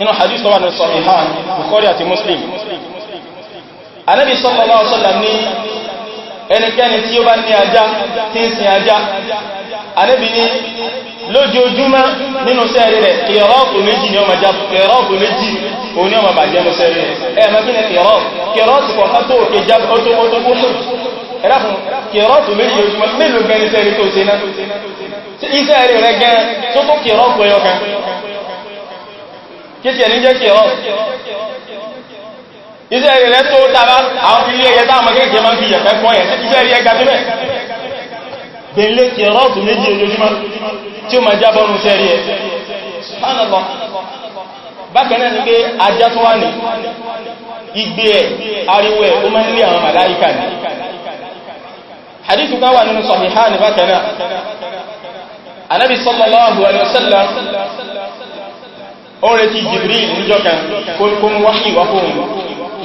inú hadith tó wà ní Sahihan Bukhari àti Muslim alẹ́bí sallallahu alaihi wasallam ẹnikẹ́ni tí ó bá ní ajá tí ń sin ajá Ànábì ní lójoojúmọ́ nínú sẹ́ẹ̀rẹ̀ rẹ̀ kìrọ́ọ̀kù méjì ni ọmọ jápù kìrọ́ọ̀kù méjì òun ni ọmọ bàjẹ́ mú sẹ́ẹ̀rẹ̀ rẹ̀ ẹ̀mọ́ kí ni kìrọ́ọ̀kù kìrọ́ọ̀kù kọ̀ọ̀kan tó òkè jápù ó tó mọ́ tó iṣẹ́ rẹ̀ tó tàbá àwọn ilé ẹyẹ táwọn kéèkéé máa ń fi yẹ̀fẹ́ fọ́ yẹn iṣẹ́ rẹ̀ ga tó bẹ̀ bẹ̀lẹ̀ tí rọ́ọ̀tù méjì ojoojúmọ́ tí ó máa jábọ́ nù iṣẹ́ rẹ̀ subhanallah bákan náà ni pé ajá tó wà ní igbe ẹ̀ ariwo ẹ̀ ó máa ń lé àwọn màláìkà ní hadithu káwà nínú sahihah ní bákan náà anábi sallallahu alaihi wasallam ó retí Jibril níjọ́ kan kó ń wáhì wá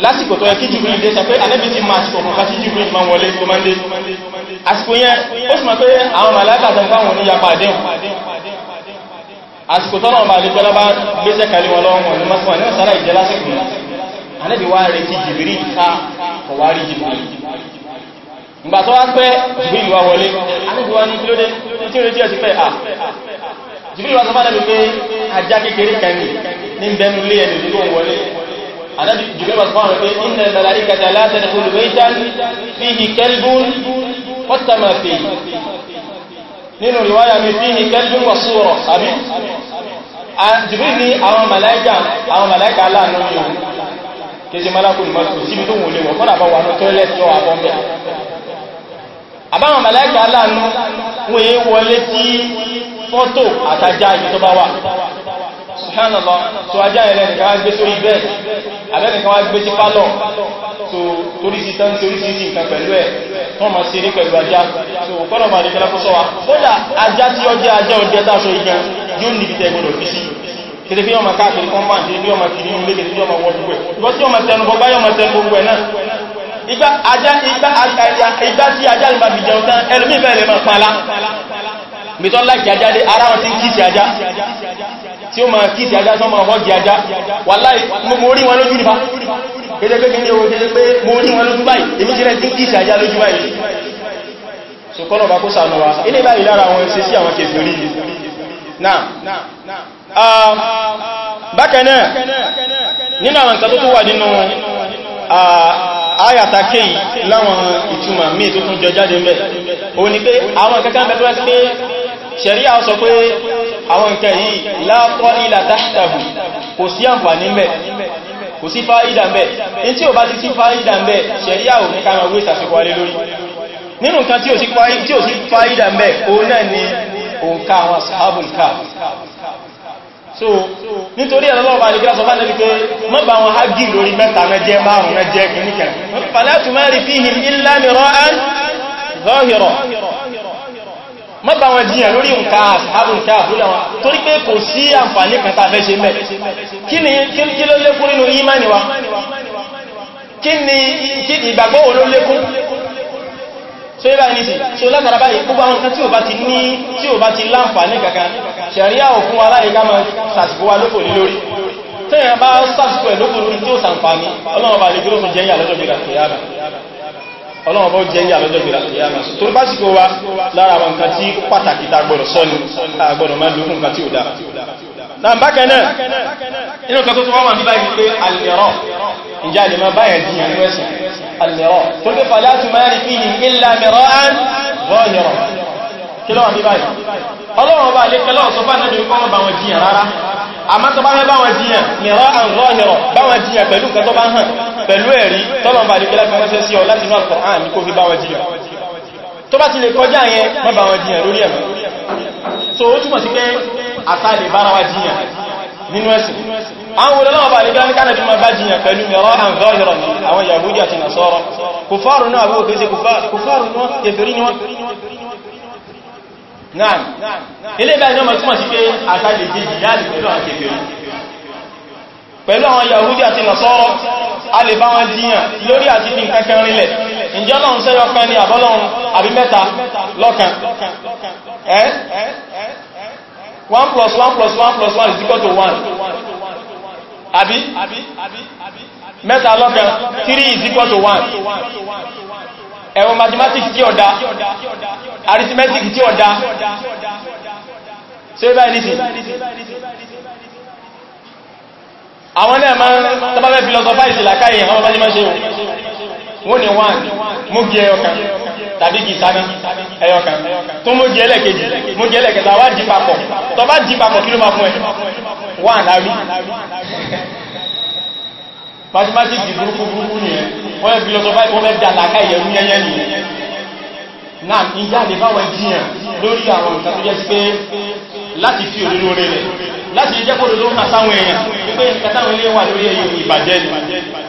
lásìkò tó yẹ kí Jibril dé sọ pé Ànábì ti máa àsìkò kọ̀ọ̀kan tí Jibril máa wọlé tó máa ń dé àsìkò yẹn ó sì máa pé àwọn màláìkà tó ń fáwọn oníyapa àdéhùn àsìkò tọ́nà ọba àdéjọ́lá bá gbéṣẹ́ kalẹ̀ wọn lọ́wọ́ ní mọ́sánwà ní ọ̀sára ìjẹ́ lásìkò Ànábì wá retí Jibril ká kọ̀wárí Jibril ìgbà tó wá pẹ́ Jibril wá wọlé Ànábì wá ní kílódé tí ó retí ẹ̀ sí pẹ́ à Jibril wá sọ bá lẹ́bi pé ajá kékeré kan ní bẹnu lé ẹni tó wọlé anábi jùlẹ́bà sọ́rọ̀ pé iná ìmẹ̀láríkàtà látẹ̀ olùmẹ́ján fíhì kẹlbùn pọ́tàmàfẹ́ nínú ríwáyà mi fíhì kẹlbùn wàsúrọ̀ àbí jùlẹ́ ní àwọn màláíkà àwọn màláíkà aláàánú yìí kejì mọ́lákùn mọ́tò síbi àbáwọn mẹ́lẹ́kà aláàánú wọ́n yí wọlé sí fọ́tò àtajá ibi tó bá wà subhanallah tó ajá ẹ̀rẹ́ nìkan wá gbé sórí bẹ́ẹ̀ abẹ́nìkan wá gbé sí pálọ̀ tó torí sí tán torí sí nǹkan pẹ̀lú ẹ̀ wọ́n ma ṣeré pẹ̀lú ajá tó kọ́nà bá ní kẹ́lẹ́kọ́ sọ́wà kódà ajá tí ó jẹ́ ajá ọjẹ́ táṣọ igan yóò níbi tẹ́gbọ́dọ̀ fi sí kẹ́lẹ́kẹ́ yọ́ ma káàkiri kọ́mbà ìgbà tí ajá ní bá fi jẹun tán ẹlùmí ìfẹ́ lè máa pàlá mìtọ́ láìkì ajá dé ara wọn tí kìsì ajá tí ó máa kìsì ajá tó máa họ́gì ajá wà láì mo rí wọn lójú nípa gẹ́gẹ́ pé kí ní owó gẹ́gẹ́ pé mo rí wọn lójú báyìí èmi jẹ́rẹ́ tí kìsì ajá lójú báyìí so kọ́nà bá kó sànú wa ilé báyìí lára wọn ṣe sí àwọn kèfì orí náà ah, bákanáà nínú àwọn nǹkan tó tó wà nínú ah, ayàta kéyì láwọn ìtumà míì tó tún jọ jáde mẹ́ o ní pé àwọn kankan bẹ̀ tó wá sí pé ṣẹ̀ríà sọ pé àwọn nǹkan yìí láàpọ̀ ìlà táṣítàbù kò sí àǹfààní mẹ́ kò sí fáídà mẹ́ in tí ò bá ti sí fáídà mẹ́ ṣẹ̀ríà ò ní kára wé sàfikọ́ alé lórí nínú nǹkan tí ò sí fáídà mẹ́ òun náà ni òǹkà àwọn ashabul kaf so nítorí ẹ̀lọ́wọ́ bá ní gílásọ̀ bá nẹ́bí pé mọ́ bá wọn hágì lórí mẹ́ta mẹ́jẹ márùn mẹ́jẹ kìníkẹ̀ fàlẹ́tù mẹ́rin fíhìn ilá mìíràn án zọ́hìrọ̀ mọ́ bá wọn jiyàn lórí nǹkan àbùnkẹ́ àbúlẹ̀ wọn torí pé kò sí àǹfààní kan tá fẹ́ ṣe mẹ́ kí ni kí ló lékún nínú ìmánì wa kí ni ìgbàgbọ́ so yíba ní sí so látara báyìí gbogbo àwọn nǹkan tí ò bá ti ní tí ò bá ti láǹfààní kankan ṣẹ̀ríà ò fún aláìká ma sàtìkò wa lókò ní lórí tẹ́yìn bá sàtìkò ẹ̀ lókò lórí tí ó sàǹfààní ọlọ́wọ́ bá lè dúró fún jẹ́yà lọ́jọ́ gbìyà kìyàmà ọlọ́wọ́ bá jẹ́yà lọ́jọ́ gbìyà kìyàmà tó bá sì kó wa lára àwọn nǹkan tí pàtàkì ta gbọ́dọ̀ sọ ni a gbọ́dọ̀ máa lókùn nǹkan tí ò dáa na bákan náà inú kan tó tó wọ́n wà ní báyìí pé alìyàrọ̀ ìjà lè máa báyẹ̀ dìyàn ní ẹ̀sìn alìmẹ̀rọ tó pé fàlá tó máa rí fíhì ilá mẹ̀rọ án rọ́yọ̀rọ̀ kí lọ́wọ́ bí báyìí ọlọ́wọ́ bá lè kẹlọ́ sọ fà náà kọ́ bá wọn jiyàn rárá àmọ́ tó bá mẹ́ bá wọn jiyàn mẹ̀rọ án rọ́yọ̀rọ̀ bá wọn jiyàn pẹ̀lú nǹkan tó bá hàn pẹ̀lú ẹ̀rí tọ́lọ̀ bá lè kẹlẹ́ kan ránṣẹ́ sí ọ láti inú Al-Qur'an ní kó fi bá wọn jiyàn tó bá ti lè kọjá yẹn mọ́ bá wọn jiyàn lórí ẹ̀mọ́ so ó túmọ̀ sí pé àtàlè bára wa jiyàn nínú ẹ̀sìn àwọn olóòwò bá lè gbá ní kánàbí ma bá jiyàn pẹ̀lú mẹ́rọ àwọn zọ́hìrọ̀ ní àwọn yahudi àti nasọ́rọ̀ kùfààrù náà àbúrò kéèsè kùfààrù náà kèfèrí ni wọ́n náà ilé ìgbà ìjọmọ̀ túnmọ̀ sí pé àtàlè jẹjì yáàlì pẹ̀lú àwọn kèfèrí pẹ̀lú àwọn yahudi àti nasọ́rọ̀ a lè bá wọn jiyàn lórí àti fi nǹkan kan rinlẹ̀ ǹjẹ́ ọlọ́run sẹ́yọ kan ni àbọ́lọ́run àbí mẹ́ta lọ́kan ẹ́ 1 plus 1 plus 1 plus 1 is equal to 1 àbí mẹ́ta lọ́kan 3 is equal to 1 ẹ̀rọ mathematics tí ọ̀dá arithmetic tí ọ̀dá ṣe bá ní sí àwọn náà ma ń tàbí philosophize làkáyẹ̀ àwọn bá ní wọ́n ní wọ́n mú gí ẹyọkan tàbí gí sáná ẹyọkan tó mú gí ẹlẹ́kejì mú gí ẹlẹ́kẹta wá dí papọ̀ tó bá dí papọ̀ kí ló máa fún ẹ wọ́n lárí mathematics di burúkú burúkú ni ẹ wọ́n ẹ̀ philosophy wọ́n ẹ̀ dàlàkà ìyẹ̀rú yẹ́yẹ́ ni náà ìyá lè báwọn jíyàn lórí àwọn nǹkan tó jẹ́ sí pé láti fi òlúlú rẹ̀ láti jẹ́ kó lórí àtàwọn èèyàn pé kẹtàwọn ilé wà lórí ẹ̀yìn ìbàjẹ́ ni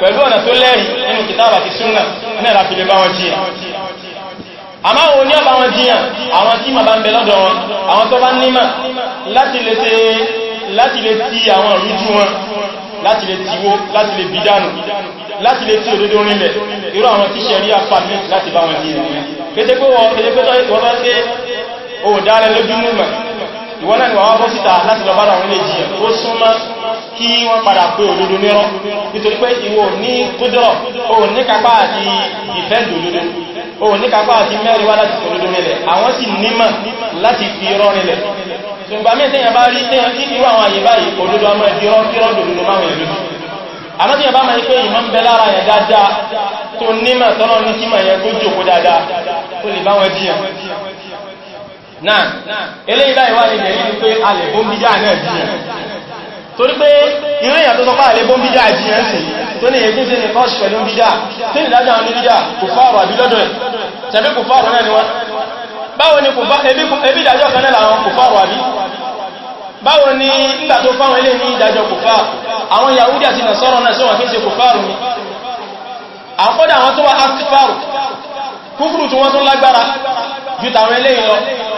pẹ̀lú ọ̀nà tó lẹ́rìn nínú kìtàbà ti súnà náà láti lè bá wọn jiyàn àmá òun ní ọba wọn jiyàn àwọn tí ma bá ń bẹ lọ́dọ̀ wọn àwọn tó bá nímà láti lè ṣe láti lè ti àwọn ìrújú wọn láti lè tiwó láti lè bídánù láti lè tí òdodo rinlẹ̀ irú àwọn tí ṣẹ̀rí àfàmì láti bá wọn jiyàn kété pé wọ́n kété pé tọ́ ìwọ́n náà ni wàá bọ́ síta láti lọ bára àwọn ilé jìyàn ó súnmọ́ kí wọ́n padà pé òdodo nírọ́ nítorí pé ìwọ ní kódọ̀ o ní kápá àti ìfẹ́ òdodo o ní kápá àti mẹ́rin wá láti fi òdodo nílẹ̀ àwọn sì nímọ̀ láti fi irọ́ nílẹ̀ ṣùgbọ́n mí tẹ́yàn bá rí tẹ́yàn tí irú àwọn àyè báyìí òdodo àmọ́ ìfirọ́ kírọ́ òdodo máwọn ìlú àmọ́ tí a bá máa pé ìmọ̀ ń bẹ lára yẹn dáadáa tó nímọ̀ tọ́lọ́ ní kíma yẹn kó jòkó dáadáa tó lè bá wọn jíyàn náà eléyìí báyìí wá ní ìdẹ̀rí pé a lè bó ń bídá náà jiyàn torí pé irú èyàn tó sọ pé a lè bó ń bídá jiyàn sí tó ní èyí sí ní kọ́ṣù pẹ̀lú bídá tí ìdájọ́ àwọn oníbídá kò fáwọ̀ àbí lọ́dọ̀ ẹ̀ tẹ̀bí kò ni wọ́n báwo ni ẹbí ìdájọ́ kan náà làwọn kò fáwọ̀ ni nígbà tó fáwọn ilé ní ìdájọ́ kò fáà àwọn Yahudi àti Nasara náà síwọ̀n kí n ṣe kò fáàrù ni àkọ́dà àwọn tó wá akífàrù kúfùrù tí wọ́n tún lágbára ju tàwọn ilé lọ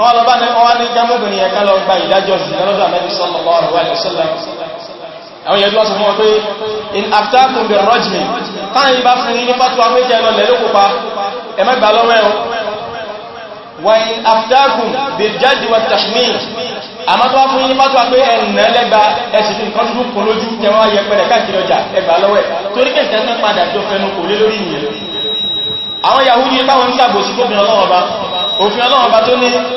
wọ́n lọ bá ní ọwá ní jámọ́bìnrin ẹ̀ká lọ gba ìdájọ́ sí lọ́dọ̀ Ànábì sallallahu alaihi wasallam àwọn yẹ̀dú ọ̀sán fún wọn pé in after kumbin rajmi táyí bá fún ní nípa tó wá pé jẹ́ lọ lẹ́lú pupa ẹ̀mẹ́gbà lọ́wọ́ ẹ̀nà lẹ́gba ẹ̀sì fi nǹkan dúdú kò lójú tẹwọ́ yẹpẹrẹ káàkiri ọjà ẹgbà lọ́wọ́ ẹ̀ torí kẹ̀kẹ́ tó padà jọ fẹnu kò lé lórí ìyẹn àwọn Yahudi báwọn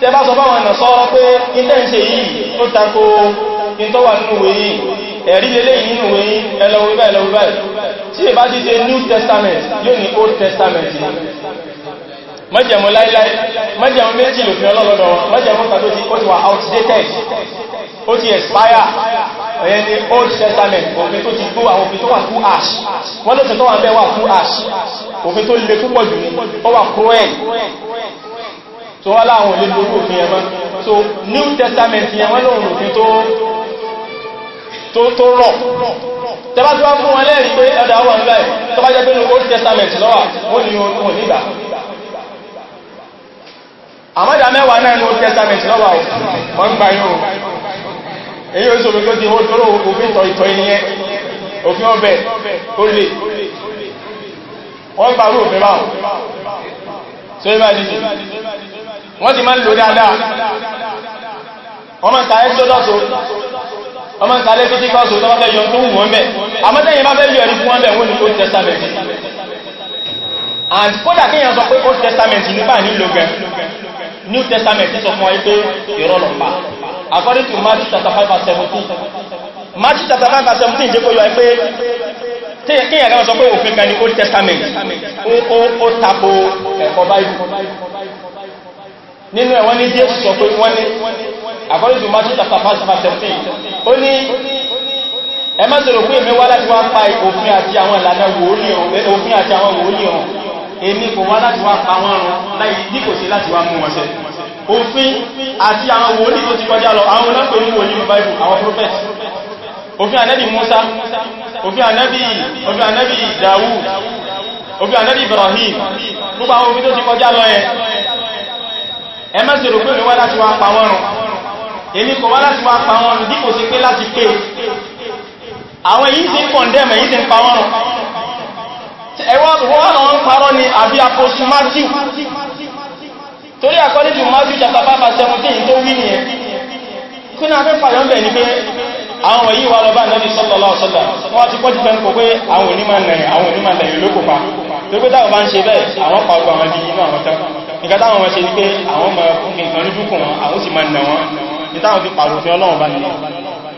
tẹbá sọ báwọn ẹ̀nà sọ́rọ̀ pé intẹ́ǹṣe yìí ó tako ìntọ́wà nínú ìwé yìí ẹ̀rí lélé yìí nínú ìwé yìí ẹlọ́wọ́ ibẹ̀ ẹlọ́wọ́ ibẹ̀ tí è bá ti ṣe New Testament yóò ní Old Testament ni mọ́jẹ̀mú láíláí mọ́jẹ̀mú méjì lòfin ọlọ́lọ́dọ̀ mọ́jẹ̀mú kàtó ti ó ti wà outdated ó ti expire ẹ̀yẹn Old Testament òfin tó ti gbó àwọn òfin tó wà fún ash wọ́n lọ́sẹ̀ tó wà bẹ́ wà fún ash òfin tó le púpọ̀ jù ní ó wà so wọ́n láwọn olè lórí òfin ẹ̀mọ́ so new testament yẹn wọ́n lóòrùn òfin tó tó rọ̀ tẹbá tí wọ́n fún wọn lẹ́rí pé ẹ̀dà wà ń láì tó bá jẹ́ pé old testament lọ́wà wọ́n ni wọ́n nígbà àmọ́dà mẹ́wàá náà ní old testament lọ́wà wọ́n gbà yóò èyí ó sọ̀rọ̀ tó ti ó tóró òfin tọ̀ ìtọ̀ ìyẹn òfin ọbẹ̀ ó lè wọ́n gbà rú òfin báwọn so ibà dìde wọ́n ti máa ń lò dáadáa ọmọ ìtàlẹ́ tó lọ́sọ ọmọ ìtàlẹ́ tó tí kọ́sọ tó wọ́n yọ tó wù wọ́n bẹ̀ àmọ́tẹ́yìn bá fẹ́ yọ ẹ̀rí fún wọ́n bẹ̀ wọ́n ni old testament and kódà kíyàn sọ pé old testament nípa nílò gan new testament sọ fún wáyé pé ìrọlọ̀pá according to Matthew chapter five, verse seventeen. Matthew chapter five, verse 17 jẹ́ kó yọ pé kíyàn kan sọ pé òfin kan ní old testament ó tako ẹ̀kọ́ báyìí nínú ẹ̀wọ́n ní jésù sọ pé wọ́n ní according to Matthew chapter 5 verse 17 ó ní ẹ má ṣe rò pé èmi wá láti wá pa òfin àti àwọn ìlànà wòólì òfin àti àwọn wòólì ọ̀hún èmi kò wá láti wá pa wọn rún láì bí kò sí láti wá mú wọn ṣẹ òfin àti àwọn wòólì tó ti kọjá lọ àwọn onápẹ̀ ní wòólì bible àwọn prophet òfin ànábì Musa òfin ànábì òfin ànábì Dawud òfin ànábì Ibrahim gbogbo àwọn òfin tó ti kọjá lọ ẹ ẹ má ṣe rò pé mi wá láti wá pa wọ́n rùn èmi kò wá láti wá pa wọ́n rùn dípò sí pé láti pé àwọn èyí tí ń kọ̀ndẹ̀mẹ̀ èyí tí ń pa wọ́n rùn ẹwọ́ àwọn ń parọ́ ni àbí apọ́sù matthew torí according to matthew chapter 5 verse 17 tó wí nìyẹn kí ní ni pé àwọn wọ̀nyí wà lọ bá nẹ́bí sallallahu alaihi wasallam wọ́n ti pọ́ ti fẹ́ ń kò pé àwọn nǹkan táwọn wọ́n ṣe ní pé àwọn ọmọ nǹkan ní dúkùn wọn àwọn sì máa nà wọn ní táwọn fi pàrò fún ọlọ́run bá nìyàn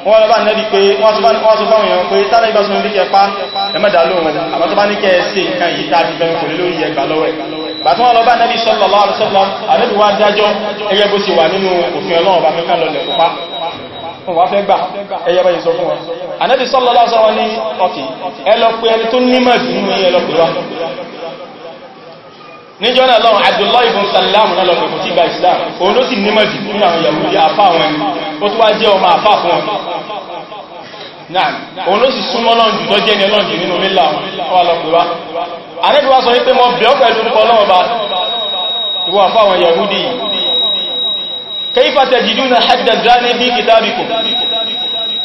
wọ́n lọ́bá nẹ́bí pé wọ́n sọ fáwọn èèyàn pé tánà ìbá sọ ní kẹpa ẹmẹ́dà lóòrùn àwọn tó bá ní kẹ́ sí nǹkan yìí tàbí bẹ̀rẹ̀ kò lè lórí ẹgbà lọ́wẹ́ bàtí wọ́n lọ́bá nẹ́bí sallallahu alaihi wasallam àdẹ́bí wá dájọ́ ẹgbẹ́ bó ti wà nínú òfin ọlọ́run bá fẹ́kàn lọlẹ̀ òpá fún wa fẹ́ gbà ẹyẹ bá yìí sọ fún wọn àdẹ́bí sallallahu alaihi wasallam ní ọkì ẹ lọ pé ẹni tó nímọ̀ jù nínú yẹn lọ pè wá níjọ́ náà lọ́wọ́ Abdullahi ibn Salam náà lọ́pẹ̀ kò tí gba Islam òun ló sì nímọ̀ jù nínú àwọn Yahudi àfá wọn ni ó tó wá jẹ́ ọmọ àfá fún wọn náà òun ló sì súnmọ́ lọ́njù tó jẹ́ ní ọlọ́njù nínú mílà wà lọ́pẹ̀ wá àrẹ́bí wá bi kitabikum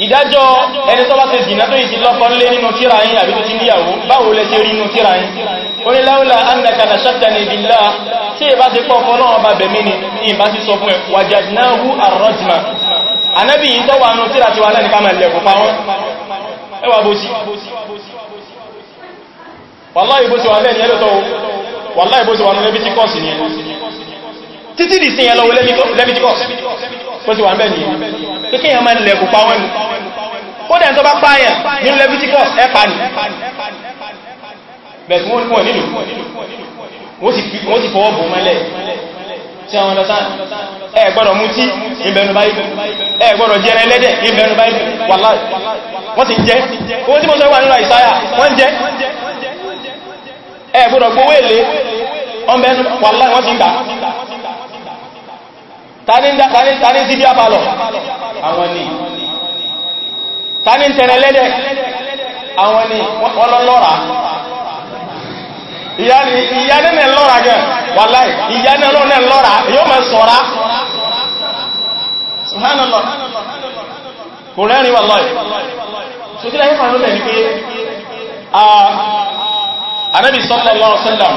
ìdájọ́ ẹni tó bá ṣe zìnà tó yìí ti lọ́kọ lé nínú tíra yìí àbí tó ti níyàwó báwo lẹ ṣe rí inú tíra yìí ó ní láúlà annakana shattani billah tí ìbá ti pọ̀ fọ́nà ọba bẹ̀mí ni ìbá ti sọ fún ẹ wajadnahu arrajma anábì yìí tọ́wà nù tíra ti wà lẹ́ni ká mẹ́lẹ̀ kò pa wọ́n ẹwà bó sí wàláì bó sí wà lẹ́ni ẹlọ́tọ́ wàláì bó sí wà nù lẹ́bítíkọ́sì ni títí dì sí ẹlọ́wọ́ lẹ́bítíkọ́sì bó sí wà bẹ́ẹ̀ ni kékèyàn máa lẹ̀kù pa wọ́n kódẹ̀ tó bá pààyàn nínú Leviticus ẹ̀pà ni bẹ̀sùn wọ́n níwọ̀n nílùú wọ́n sì fọwọ́ bò mọ́lẹ̀ tí àwọn ọ̀dọ́sán ẹ gbọ́dọ̀ mutí ìbẹ̀nu báyìí ẹ gbọ́dọ̀ jẹ́ ẹlẹ́dẹ̀ ìbẹ̀nu báyìí wàláhì wọ́n ti jẹ́ owó tí mo sọ wà nínú àìsáyà wọ́n jẹ́ ẹ gbọ́dọ̀ gbówó èlé ọmọbẹ̀nu wàláhì wọ́n ti gbà tani sí bí apalọ̀ àwọn ni tani tẹ̀rẹ lẹ́dẹ̀ àwọn ni wọ́n lọ lọ́ra ìyá nínú lọ́ra gẹ̀ wàláì ìyá nínú lọ́ra yóò mẹ́ sọ́ra subhanallah kò rẹ́rin wàláì so kí láyé fàánú mẹ́rin pé anábì sallallahu alaihi wasallam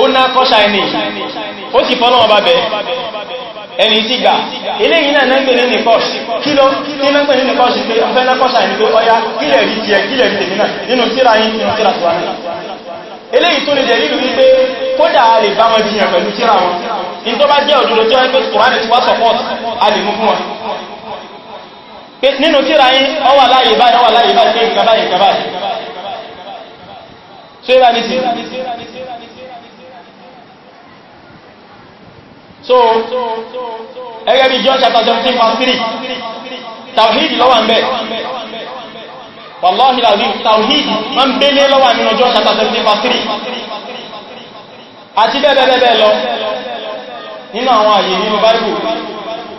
ó ná kọ́ṣà ẹni ó sì fọ́nà ẹni tí gà eléyìí náà nẹ́gbẹ̀ ní nìkọ́ṣì kí ló kí nẹ́gbẹ̀ ní nìkọ́ṣì pé ọ̀fẹ́ nẹ́kọ́ṣà ìlú ọya kílẹ̀ rí ti ẹ kílẹ̀ rí tèmi náà nínú tíra yìí nínú tíra tó wà náà eléyìí tó lè jẹ́ lílu wípé kódà a lè bá wọn jiyàn pẹ̀lú tíra wọn in tó bá jẹ́ òdòdó tó ẹgbẹ́ kòránì tí wá sọpọ́t a lè mú fún wọn nínú tíra yìí ó wà láyé báyìí ó wà láyé báyìí pé nǹkan báyìí nǹkan báyìí so ẹgẹ́ bí John chapter 17 verse 3 tawhid lọ́wà ń bẹ wàláhì làbí tawhid ma ń bẹ́lẹ̀ lọ́wà nínú John chapter 17 verse 3 àti bẹ́ẹ̀bẹ́ẹ̀bẹ́ẹ̀ lọ nínú àwọn àyè nínú Bible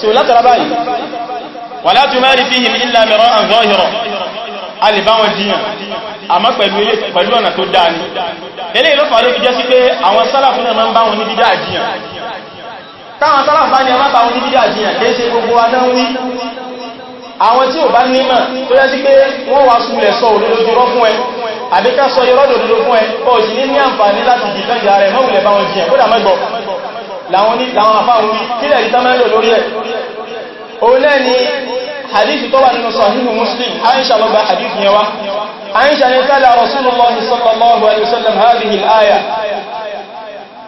so látara báyìí wà látù mẹ́rin fi hìm ilẹ̀ mẹ́rọ àǹzọ́ ìrọ̀ a lè bá wọn díyàn àmá pẹ̀lú ọ̀nà tó dáa ní ilé ìlọ́fà ló fi jẹ́ sí pé àwọn sálàfù náà máa ń bá wọn ní bídá àdíyàn táwọn sálàfù bá ní ọmọ bá wọn ní bídá àdíyàn kìí ṣe gbogbo adáwí àwọn tí ò bá nímọ̀ tó yẹ́ sí pé wọ́n wá súnlẹ̀ sọ òdòdó rọ́ fún ẹ àbíká sọ irọ́ òdòdó fún ẹ kò sí ní ní àǹfààní láti dìfẹ́ ìyà rẹ̀ mọ́wùlẹ̀ bá wọn jìyàn kódà mẹ́gbọ́ láwọn ní àwọn àfáwọn kílẹ̀ ìtàmẹ́lò lórí ẹ̀ òun náà ni hadith tó wà nínú sahihu muslim aisha lọ bá hadith yẹn wá aisha ní kala rasulullah sallallahu alaihi wasallam hadhihi al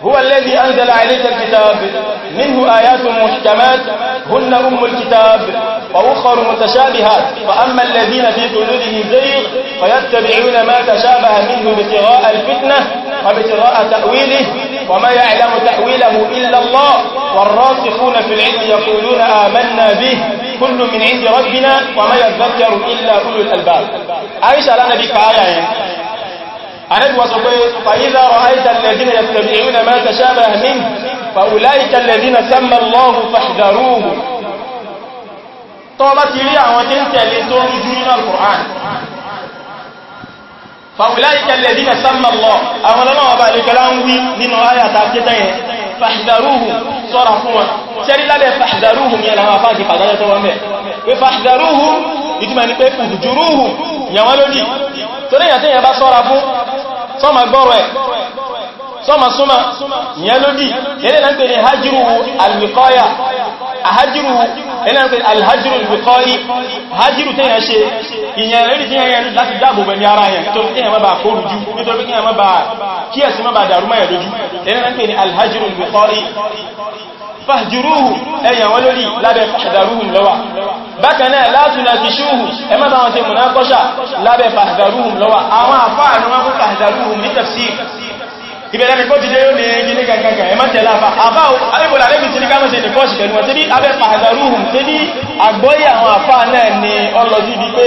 هو الذي أنزل عليك الكتاب منه آيات محكمات هن أم الكتاب وأخر متشابهات فأما الذين في قلوبهم زيغ فيتبعون ما تشابه منه ابتغاء الفتنة وابتغاء تأويله وما يعلم تأويله إلا الله والراسخون في العلم يقولون آمنا به كل من عند ربنا وما يذكر إلا أولو الألباب عائشة على نبي كآية أرد وصفه فإذا رأيت الذين يتبعون ما تشابه منه فأولئك الذين سمى الله فاحذروه طابت لي عواتين تأليتون جنين القرآن فأولئك الذين سمى الله أولنا وبعد كلام وي من آية تاكتين فاحذروه صرفوا سري لله فاحذروهم يا لما فاتي قضايا توامي فاحذروهم يتمنى فاحذروهم يا ولدي torí èyàn tí èyàn bá sọ́ra fún sọ́mà gbọ́rọ̀ ẹ̀ sọ́mà súnmà ìyẹn lódì ilẹ̀ náà pè ní hajjiru alwikọ́ya hajjiru ilẹ̀ náà pè alhajjiru alwikọ́yi hajjiru tí èyàn ṣe ìyẹn lórí tí èyàn láti dáàbò bẹ̀mí ara yẹn tó kí èyàn má bàa kóòrù jù nítorí kí èyàn má bàa kíyèsí má bàa fàjìrúhù ẹ̀yàn wọn lórí lábẹ́ fàjìrúhù lọ́wà bákanáà látùnà ti ṣúhù ẹmọ́ bá wọn ṣe múná kọ́ṣà lábẹ́ fàjìrúhù lọ́wà àwọn àfáà ni wọ́n kú fàjìrúhù ní tafsir ìbẹ̀rẹ̀ ni kó ti dé ó ní gíní kankankan ẹmọ́ tẹ̀lá fa àbá alébòlà lẹ́bí tí ní ká mọ́sẹ̀ nìkọ́ṣì pẹ̀lú wọn tí ní abẹ́ fàjìrúhù tí ní àgbọ́yé àwọn àfáà náà ni ọlọ́jú bí pé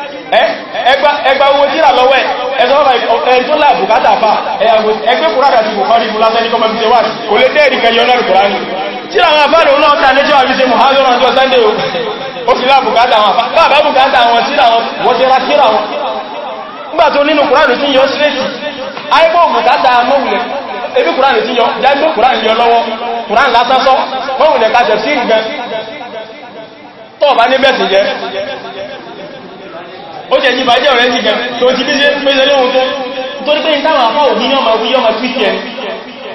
ẹgbà owó tíra lọ́wọ́ ẹ̀ ẹ̀sọ́fà ẹ̀n tó láàbù kátàfà ẹgbẹ́ kùrádà ti bùkọ́rí mú lásán ní kọmọ bí ṣe wà kò lè tẹ́ẹ̀rì kẹyọ náà kùránì tíra àwọn àfáàlù náà ta ní jọ́wà bí ṣe mọ̀hálọ́rọ̀ ọjọ́ sunday wọn ó tẹ̀ ti bàjẹ́ ọ̀rẹ́ ti gan tó ti bí pẹ́sẹ̀ lóhun tó tó ní pé ìtàwọn àpá òbí ní ọmọ wíyọ́ ọmọ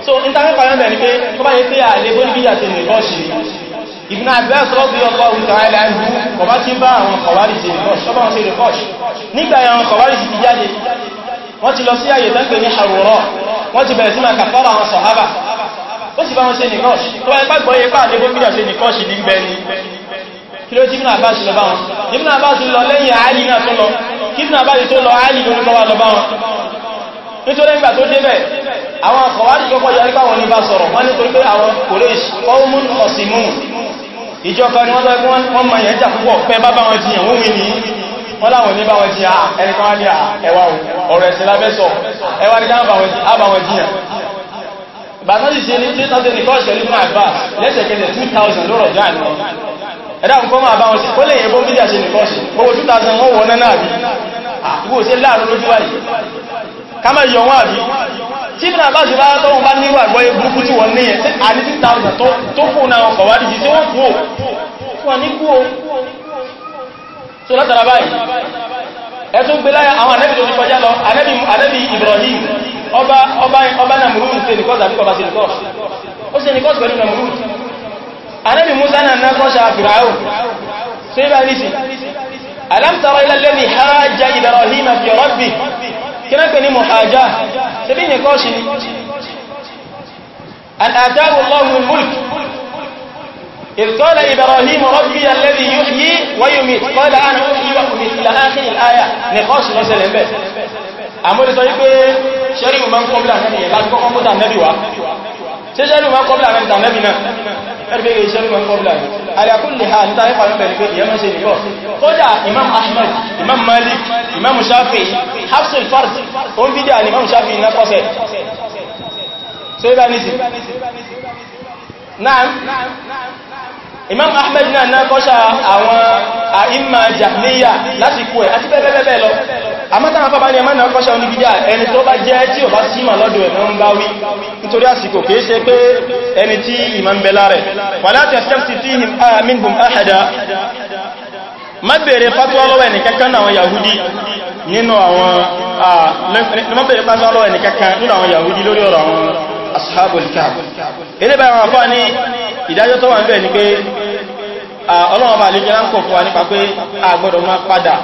so ìtàwọn pàrẹ́mẹ̀ ni pé tó bá yẹ pé àlè bó níbi àti nìkọ́ṣì Ibn Abbas rọ́bí ọgbọ́ ìtàrẹ́lẹ̀ ẹ̀hù kọ̀bá tí ń bá àwọn kọ̀wárí sí nìkọ́ṣì nígbà àwọn kọ̀wárí sí ti jáde wọ́n ti lọ sí àyè tán pè ní àwòrán wọ́n ti bẹ̀rẹ̀ sí máa kàfàrà àwọn sọ̀hábà ó sì kí ló tí Ibn Abbas lọ bá wọn Ibn Abbas lọ lẹ́yìn Àlì náà tó lọ kí Ibn Abbas tó lọ Àlì ló ń lọ wà lọ bá wọn nítorí ìgbà tó débẹ̀ àwọn akọ̀wárí kọ́kọ́ yọrí káwọn ní bá sọ̀rọ̀ wọ́n nítorí pé àwọn kòrèṣì ọmọ ọ̀sìmú ìjọba ni wọ́n tọ́ ẹgbẹ́ wọ́n ma yẹn jà púpọ̀ pẹ́ bá bá wọn jiyàn wọ́n wí ní wọ́n láwọn ní bá wọn jiyàn ẹnìkan ní ẹwà ọ̀rọ̀ ẹ̀sìn lábẹ́sọ̀ ẹwà ní dáàbà wọn jiyàn bàtọ́sì ṣe ní 2000 ní kọ́ọ̀ṣẹ̀ ní fún àgbà lẹ́sẹ̀kẹsẹ̀ 2000 lọ́rọ̀ jáà ẹ̀dá nǹkan máa bá wọn sí ó lè yẹ̀bọ́n bídí àṣẹ nìkan sí owó 2000 wọ́n wọ́n náà rí àkúgbò sí láàrú lójú wáyé ká mẹ́ yọ wọ́n àbí tí bí náà bá ṣe bá tọ́wọ́n bá níwà gbọ́yé burúkú tí wọ́n níyẹn sí àní 2000 tó fún náà ọkọ̀ wádìí sí tí wọ́n kú ò fún ọ ní kú ò so látara báyìí ẹ̀tún gbé láyá àwọn anẹ́bì tó ti kọjá lọ anẹ́bì Ibrahim ọba ọba ọba Namrud ṣe nìkọ́ tàbí kọba ṣe nìkọ́ ó ṣe nìkọ́ pẹ̀lú Namrud anẹ́bì فرعون سيبا نسي ألم ترى إلى الذي حاج إبراهيم في ربه كنا كني محاجاه سبين يقوشني أن آتاه الله الملك إذ قال إبراهيم ربي الذي يحيي ويميت قال أنا أحيي وأميت إلى آخر الآية نقاش نسل البيت أمور طيب شريف من قبل لا يلاقوا قبل النبي وعلى ṣe ṣẹ́lù ma kọ́bílà rẹ̀ tàbí náà ẹgbẹ́ ìṣẹ́lù ma kọ́bílà rẹ̀ alákùnlé ha níta nípa rẹ̀ pẹ̀lú ìyẹ́mọ́ ṣe nìkọ́ kódà imam ahmad imam malik imam shafi hafsul fard oun bídíà ni imam shafi na kọ́sẹ̀ so ibá nìsí náà imam ahmed náà náà kọ́ṣà àwọn àìmà jahmiya lásìkò ẹ̀ àti bẹ́ẹ̀bẹ́ẹ̀ lọ àmọ́tàwọn fàbá ní ẹmọ́ náà kọ́ṣà oníbídá ẹni tó bá jẹ́ tí ò bá símà lọ́dọ̀ ẹ̀ ń bá wí nítorí àsìkò kìí ṣe pé ẹni tí ìmọ̀ ń bẹ̀lá rẹ̀ wala tastafti minhum ahada má bèèrè fatuwa lọ́wọ́ ẹni kankan náà yahudi nínú àwọn má bèèrè fatuwa lọ́wọ́ ashabul kahf ilé bá àwọn ìdájọ́ tó wà níbẹ̀ ni pé ọlọ́run bá lè jẹ́ láńkọ̀ fún wa nípa pé a gbọ́dọ̀ máa padà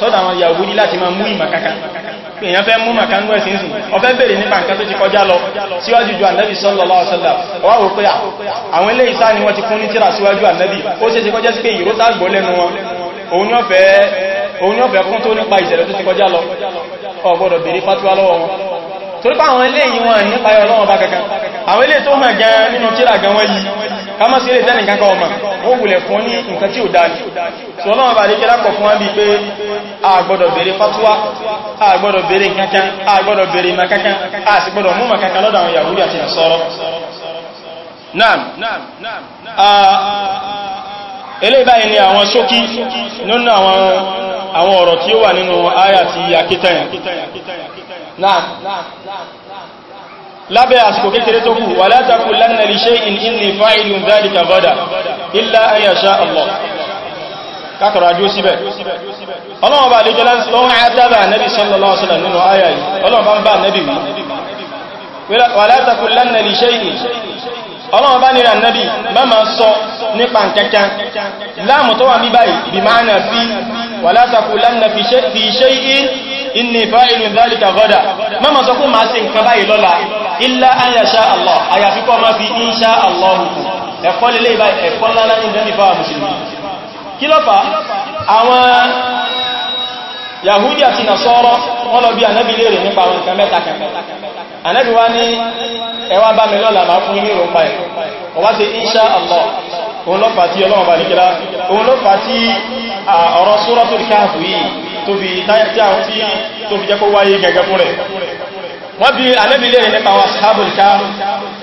sọ́dọ̀ àwọn Yahudi láti máa mú ìmọ̀ kankan èèyàn fẹ́ mú màkà ń gbẹ̀sìn sí ọfẹ́ bèèrè nípa nǹkan tó ti kọjá lọ síwájú ju ànẹ́bì sallallahu alaihi wasallam ọwá wò pé àwọn ilé ìsá ni wọ́n ti fún ní tíra síwájú ànẹ́bì ó ṣe ti kọjá sí pé ìró lẹ́nu wọn òun kún tó nípa ìṣẹ̀lẹ̀ tó ti kọjá lọ bèèrè fátúwá lọ́wọ́ torí pa àwọn eléyìí wọn ní payọ ọlọ́wọ́ bá kankan àwọn eléyìí tó mọ̀ gan nínú tíra gan wọ́n yìí ká mọ́ sí ilé tẹ́nì kankan ọmọ ó wùlẹ̀ fún ní nǹkan tí ò dáa ní tí ọlọ́wọ́ bá lè kẹ́lá pọ̀ fún wọn bí pé a gbọ́dọ̀ béèrè fatuwa a a gbọ́dọ̀ béèrè a sì ni àwọn ṣókí nínú àwọn lábẹ́ àsìkò kékeré tó kù wà látàkù lánàá lè ṣe inni fa'ilun dhalika gada illa an yasha Allah kákàrà jú síbẹ̀ ọlọ́wọ́ bá lè jọ láti lọ́wọ́ àtàbà nẹ́bí sallallahu alaihi wasallam nínú ayayi ọlọ́wọ́ bá ń bá nẹ́bí wí wà látàkù lánàá lè ṣe ọlọ́wọ́ bá nira nábi mẹ́mà sọ nípa kẹkẹn láàmù tó wà ní báyìí bí máa nà fi wà látàkù lánà fi ṣe inni fa'ilun dhalika ghadan mẹ́mà sọ kó máa ṣe nǹkan báyìí lọ́la illa an yasha Allah àyàfi kọ́ máa fi insha Allah ẹ̀kọ́ lélẹ́ ìbáyìí ẹ̀kọ́ ńlá yahudi àti nasọ́rọ́ wọ́n lọ bí ànábì léèrè nípa àwọn nǹkan mẹ́ta kan ànábì wá ní ẹwà bá mi lọ́la máa fún ní ìrọ̀pá insha Allah òun ló fà tí ọlọ́wọ̀n bá nígbìlá òun ló fà tí ọ̀rọ̀ Suratul Kahf yìí tó fi jẹ́kọ́ wáyé gẹ́gẹ́ fún rẹ̀ wọ́n bí ànábì léèrè nípa àwọn ashabul kahf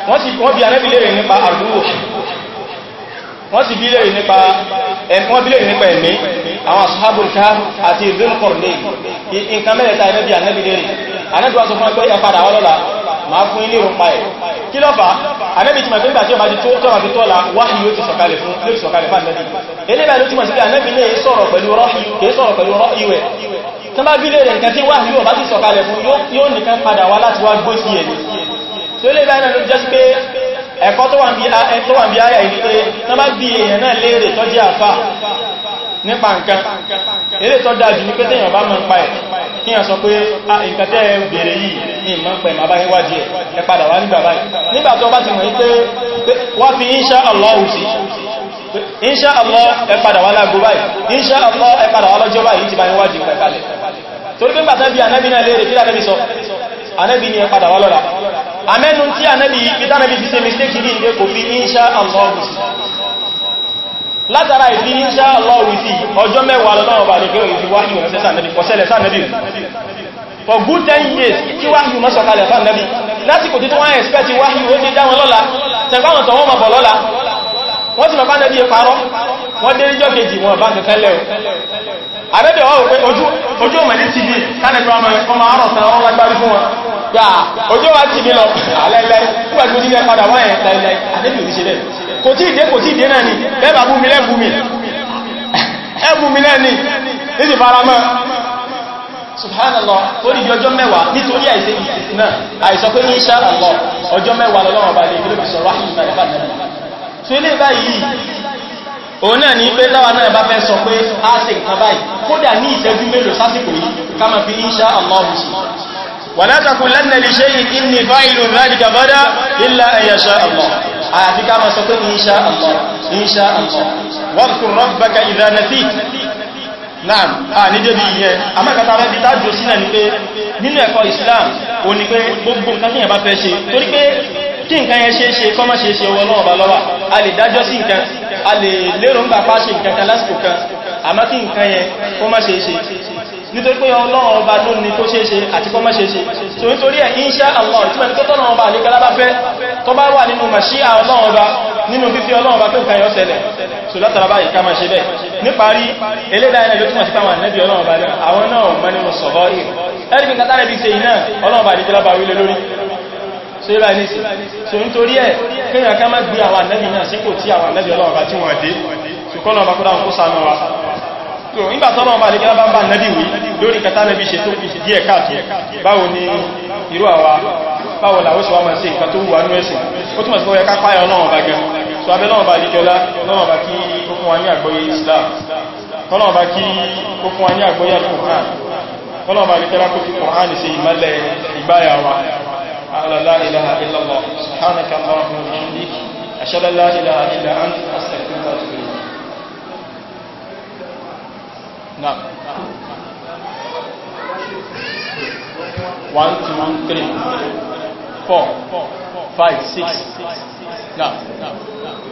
wọ́n bí léèrè nípa àrùn wọ́n sì bílẹ̀ nípa ẹ̀mí àwọn ashabul kahf àti Dhul-Qarnayn nǹkan mẹ́rẹ̀ta ẹ̀mẹ́bí ànẹ́bìdẹ̀rẹ̀ ànẹ́bìwá sọ fún ẹgbẹ́ ìyàpadà ọlọ́la máa fún ilé òun paẹ̀ kí ló fà ànẹ́bì tí ma fi ń gbàtí ọmọ ti tó tọ́wà fi tọ́la wáhì yóò ti sọ̀kalẹ̀ fún lórí sọ̀kalẹ̀ fún ànẹ́bì eléba ló túnmọ̀ sí pé ànẹ́bì náà sọ̀rọ̀ pẹ̀lú rọ́hì kìí sọ̀rọ̀ pẹ̀lú rọ́hì wẹ̀ tán bá bílé rẹ̀ nǹkan tí wáhì yóò bá ti sọ̀kalẹ̀ fún yóò nìkan padà wá láti ẹ̀kọ́ tó wà bí ayà ìpé tán bá bí èèyàn náà léèrè tó jẹ́ àfà nípa nǹkan eré tó dájú ní pé tẹ́yàn bá mọ́ ń pa ẹ̀ kí yàn sọ pé a nǹkan tẹ́ ẹ bèèrè yìí ní ìmọ̀ pẹ̀ ma bá ń wájí ẹ̀ ẹ padà wá nígbà báyìí nígbà tó bá ti mọ̀ pé wá fi insha Allah sí insha Allah ẹ padà wá lágbo báyìí insha Allah ẹ padà wá lọ́jọ́ báyìí ti bá ń wájí pẹ̀ kalẹ̀ anẹ́bí ni ẹ padà wá lọ́la amẹ́nu tí anẹ́bí ìtànẹ́bí ti ṣe mistake ní ilé kò fi insha Allah látara ìfi insha Allah sí ọjọ́ mẹ́wàá lọ́nà ọba àdẹ́gbẹ́ òyìn wáyé wọn sẹ́sà nẹ́bí kọsẹ́lẹ̀ sá nẹ́bí for good 10 years kí wáyé wọn sọ̀kalẹ̀ sá nẹ́bí lásìkò tí wọ́n expect wáyé wọn ti dá wọn lọ́la tẹ̀gbọ́n tọ̀wọ́n mọ̀ bọ̀ lọ́la wọ́n ti bàbá nẹ́bí parọ́ wọ́n dé níjọ́ kejì wọn bá ti tẹ́lẹ̀ o àbẹ́bẹ̀ wọ́n pé ojú ọmọ ní tv kánẹ̀kì ọmọ arọ̀sán wọn lágbárí fún wọn gbà ojú ọmọ tv lọ alẹ́lẹ́ nígbàtí ojú ilẹ̀ padà wọ́n ẹ̀ láìláì àdébì òṣìṣẹ́ bẹ́ẹ̀ kò tí ìdé kò tí ìdé náà ni bẹ́ẹ̀bà bú mi lẹ́bù mi ẹbù mi lẹ́ni níti faramọ́ subhanallah torí ọjọ́ mẹ́wàá nítorí àìsẹ́ ìsìnkú náà àìsọ pé ní insha Allah ọjọ́ mẹ́wàá lọ́wọ́ bá lè gbé so ilé báyìí òun náà ní pé láwa náà bá fẹ́ sọ pé a ṣe nǹkan báyìí kódà ní ìṣẹ́jú mélòó sásìkò yìí ká máa fi insha Allah sí wa la taqulanna li shay'in inni fa'ilun dhalika ghadan ká máa sọ pé insha Allah insha Allah wadhkur rabbaka idha a lè dájọ́ sí nǹkan a lè lérò ń bà pá ṣe nǹkan kan lásìkò kan àmọ́ kí nǹkan yẹn kó má ṣe ṣe nítorí pé ọlọ́run ọba ló ní kó ṣeéṣe àti kó má ṣeéṣe so nítorí ẹ̀ insha Allah tí mẹ́rin tó tọ́nà ọba àlíkà lábá fẹ́ tó bá wà nínú màṣíà ọlọ́run ọba nínú fífí ọlọ́run ọba tó nǹkan yọ ṣẹlẹ̀ so látara báyìí ká máa ṣe bẹ́ẹ̀ níparí elédáyẹ̀lẹ́ ló túnmọ̀ sí táwọn ànẹ́bí ọlọ́run ọba náà àwọn náà mọ́ nínú sọ̀rọ̀ ẹ̀rí bí kátàrẹ́bí ṣe iná so ibà ní sí so nítorí ẹ̀ kíyàn ká má gbé àwọn ànábì náà sípò tí àwọn ànábì ọlọ́run bá tí wọ́n dé ṣùkọ́nà ọba kó dáhùn kó sánú wa so nígbà tọ́nà ọba àdíkẹ́ bá ń bá ànábì wí lórí kẹta náà bí ṣe tó díẹ̀ káàtó báwo ni irú àwa báwo làwọ́ sọ wá máa ṣe nǹkan tó wù anú ẹ̀sìn ó túnmọ̀ sí pé ẹka páyọ̀ náà ọba gan so abẹ́ náà ọba àdíkẹ́lá náà ọba kí ó fún wa ní àgbọ́yé Islam kọ́nà ọba kí ó fún wa ní àgbọ́yé Al-Qur'an على لا إله إلا الله سبحانك اللهم وبحمدك أشهد أن لا إله إلا أنت أستغفرك وأتوب إليك نعم one two one three four five six now now now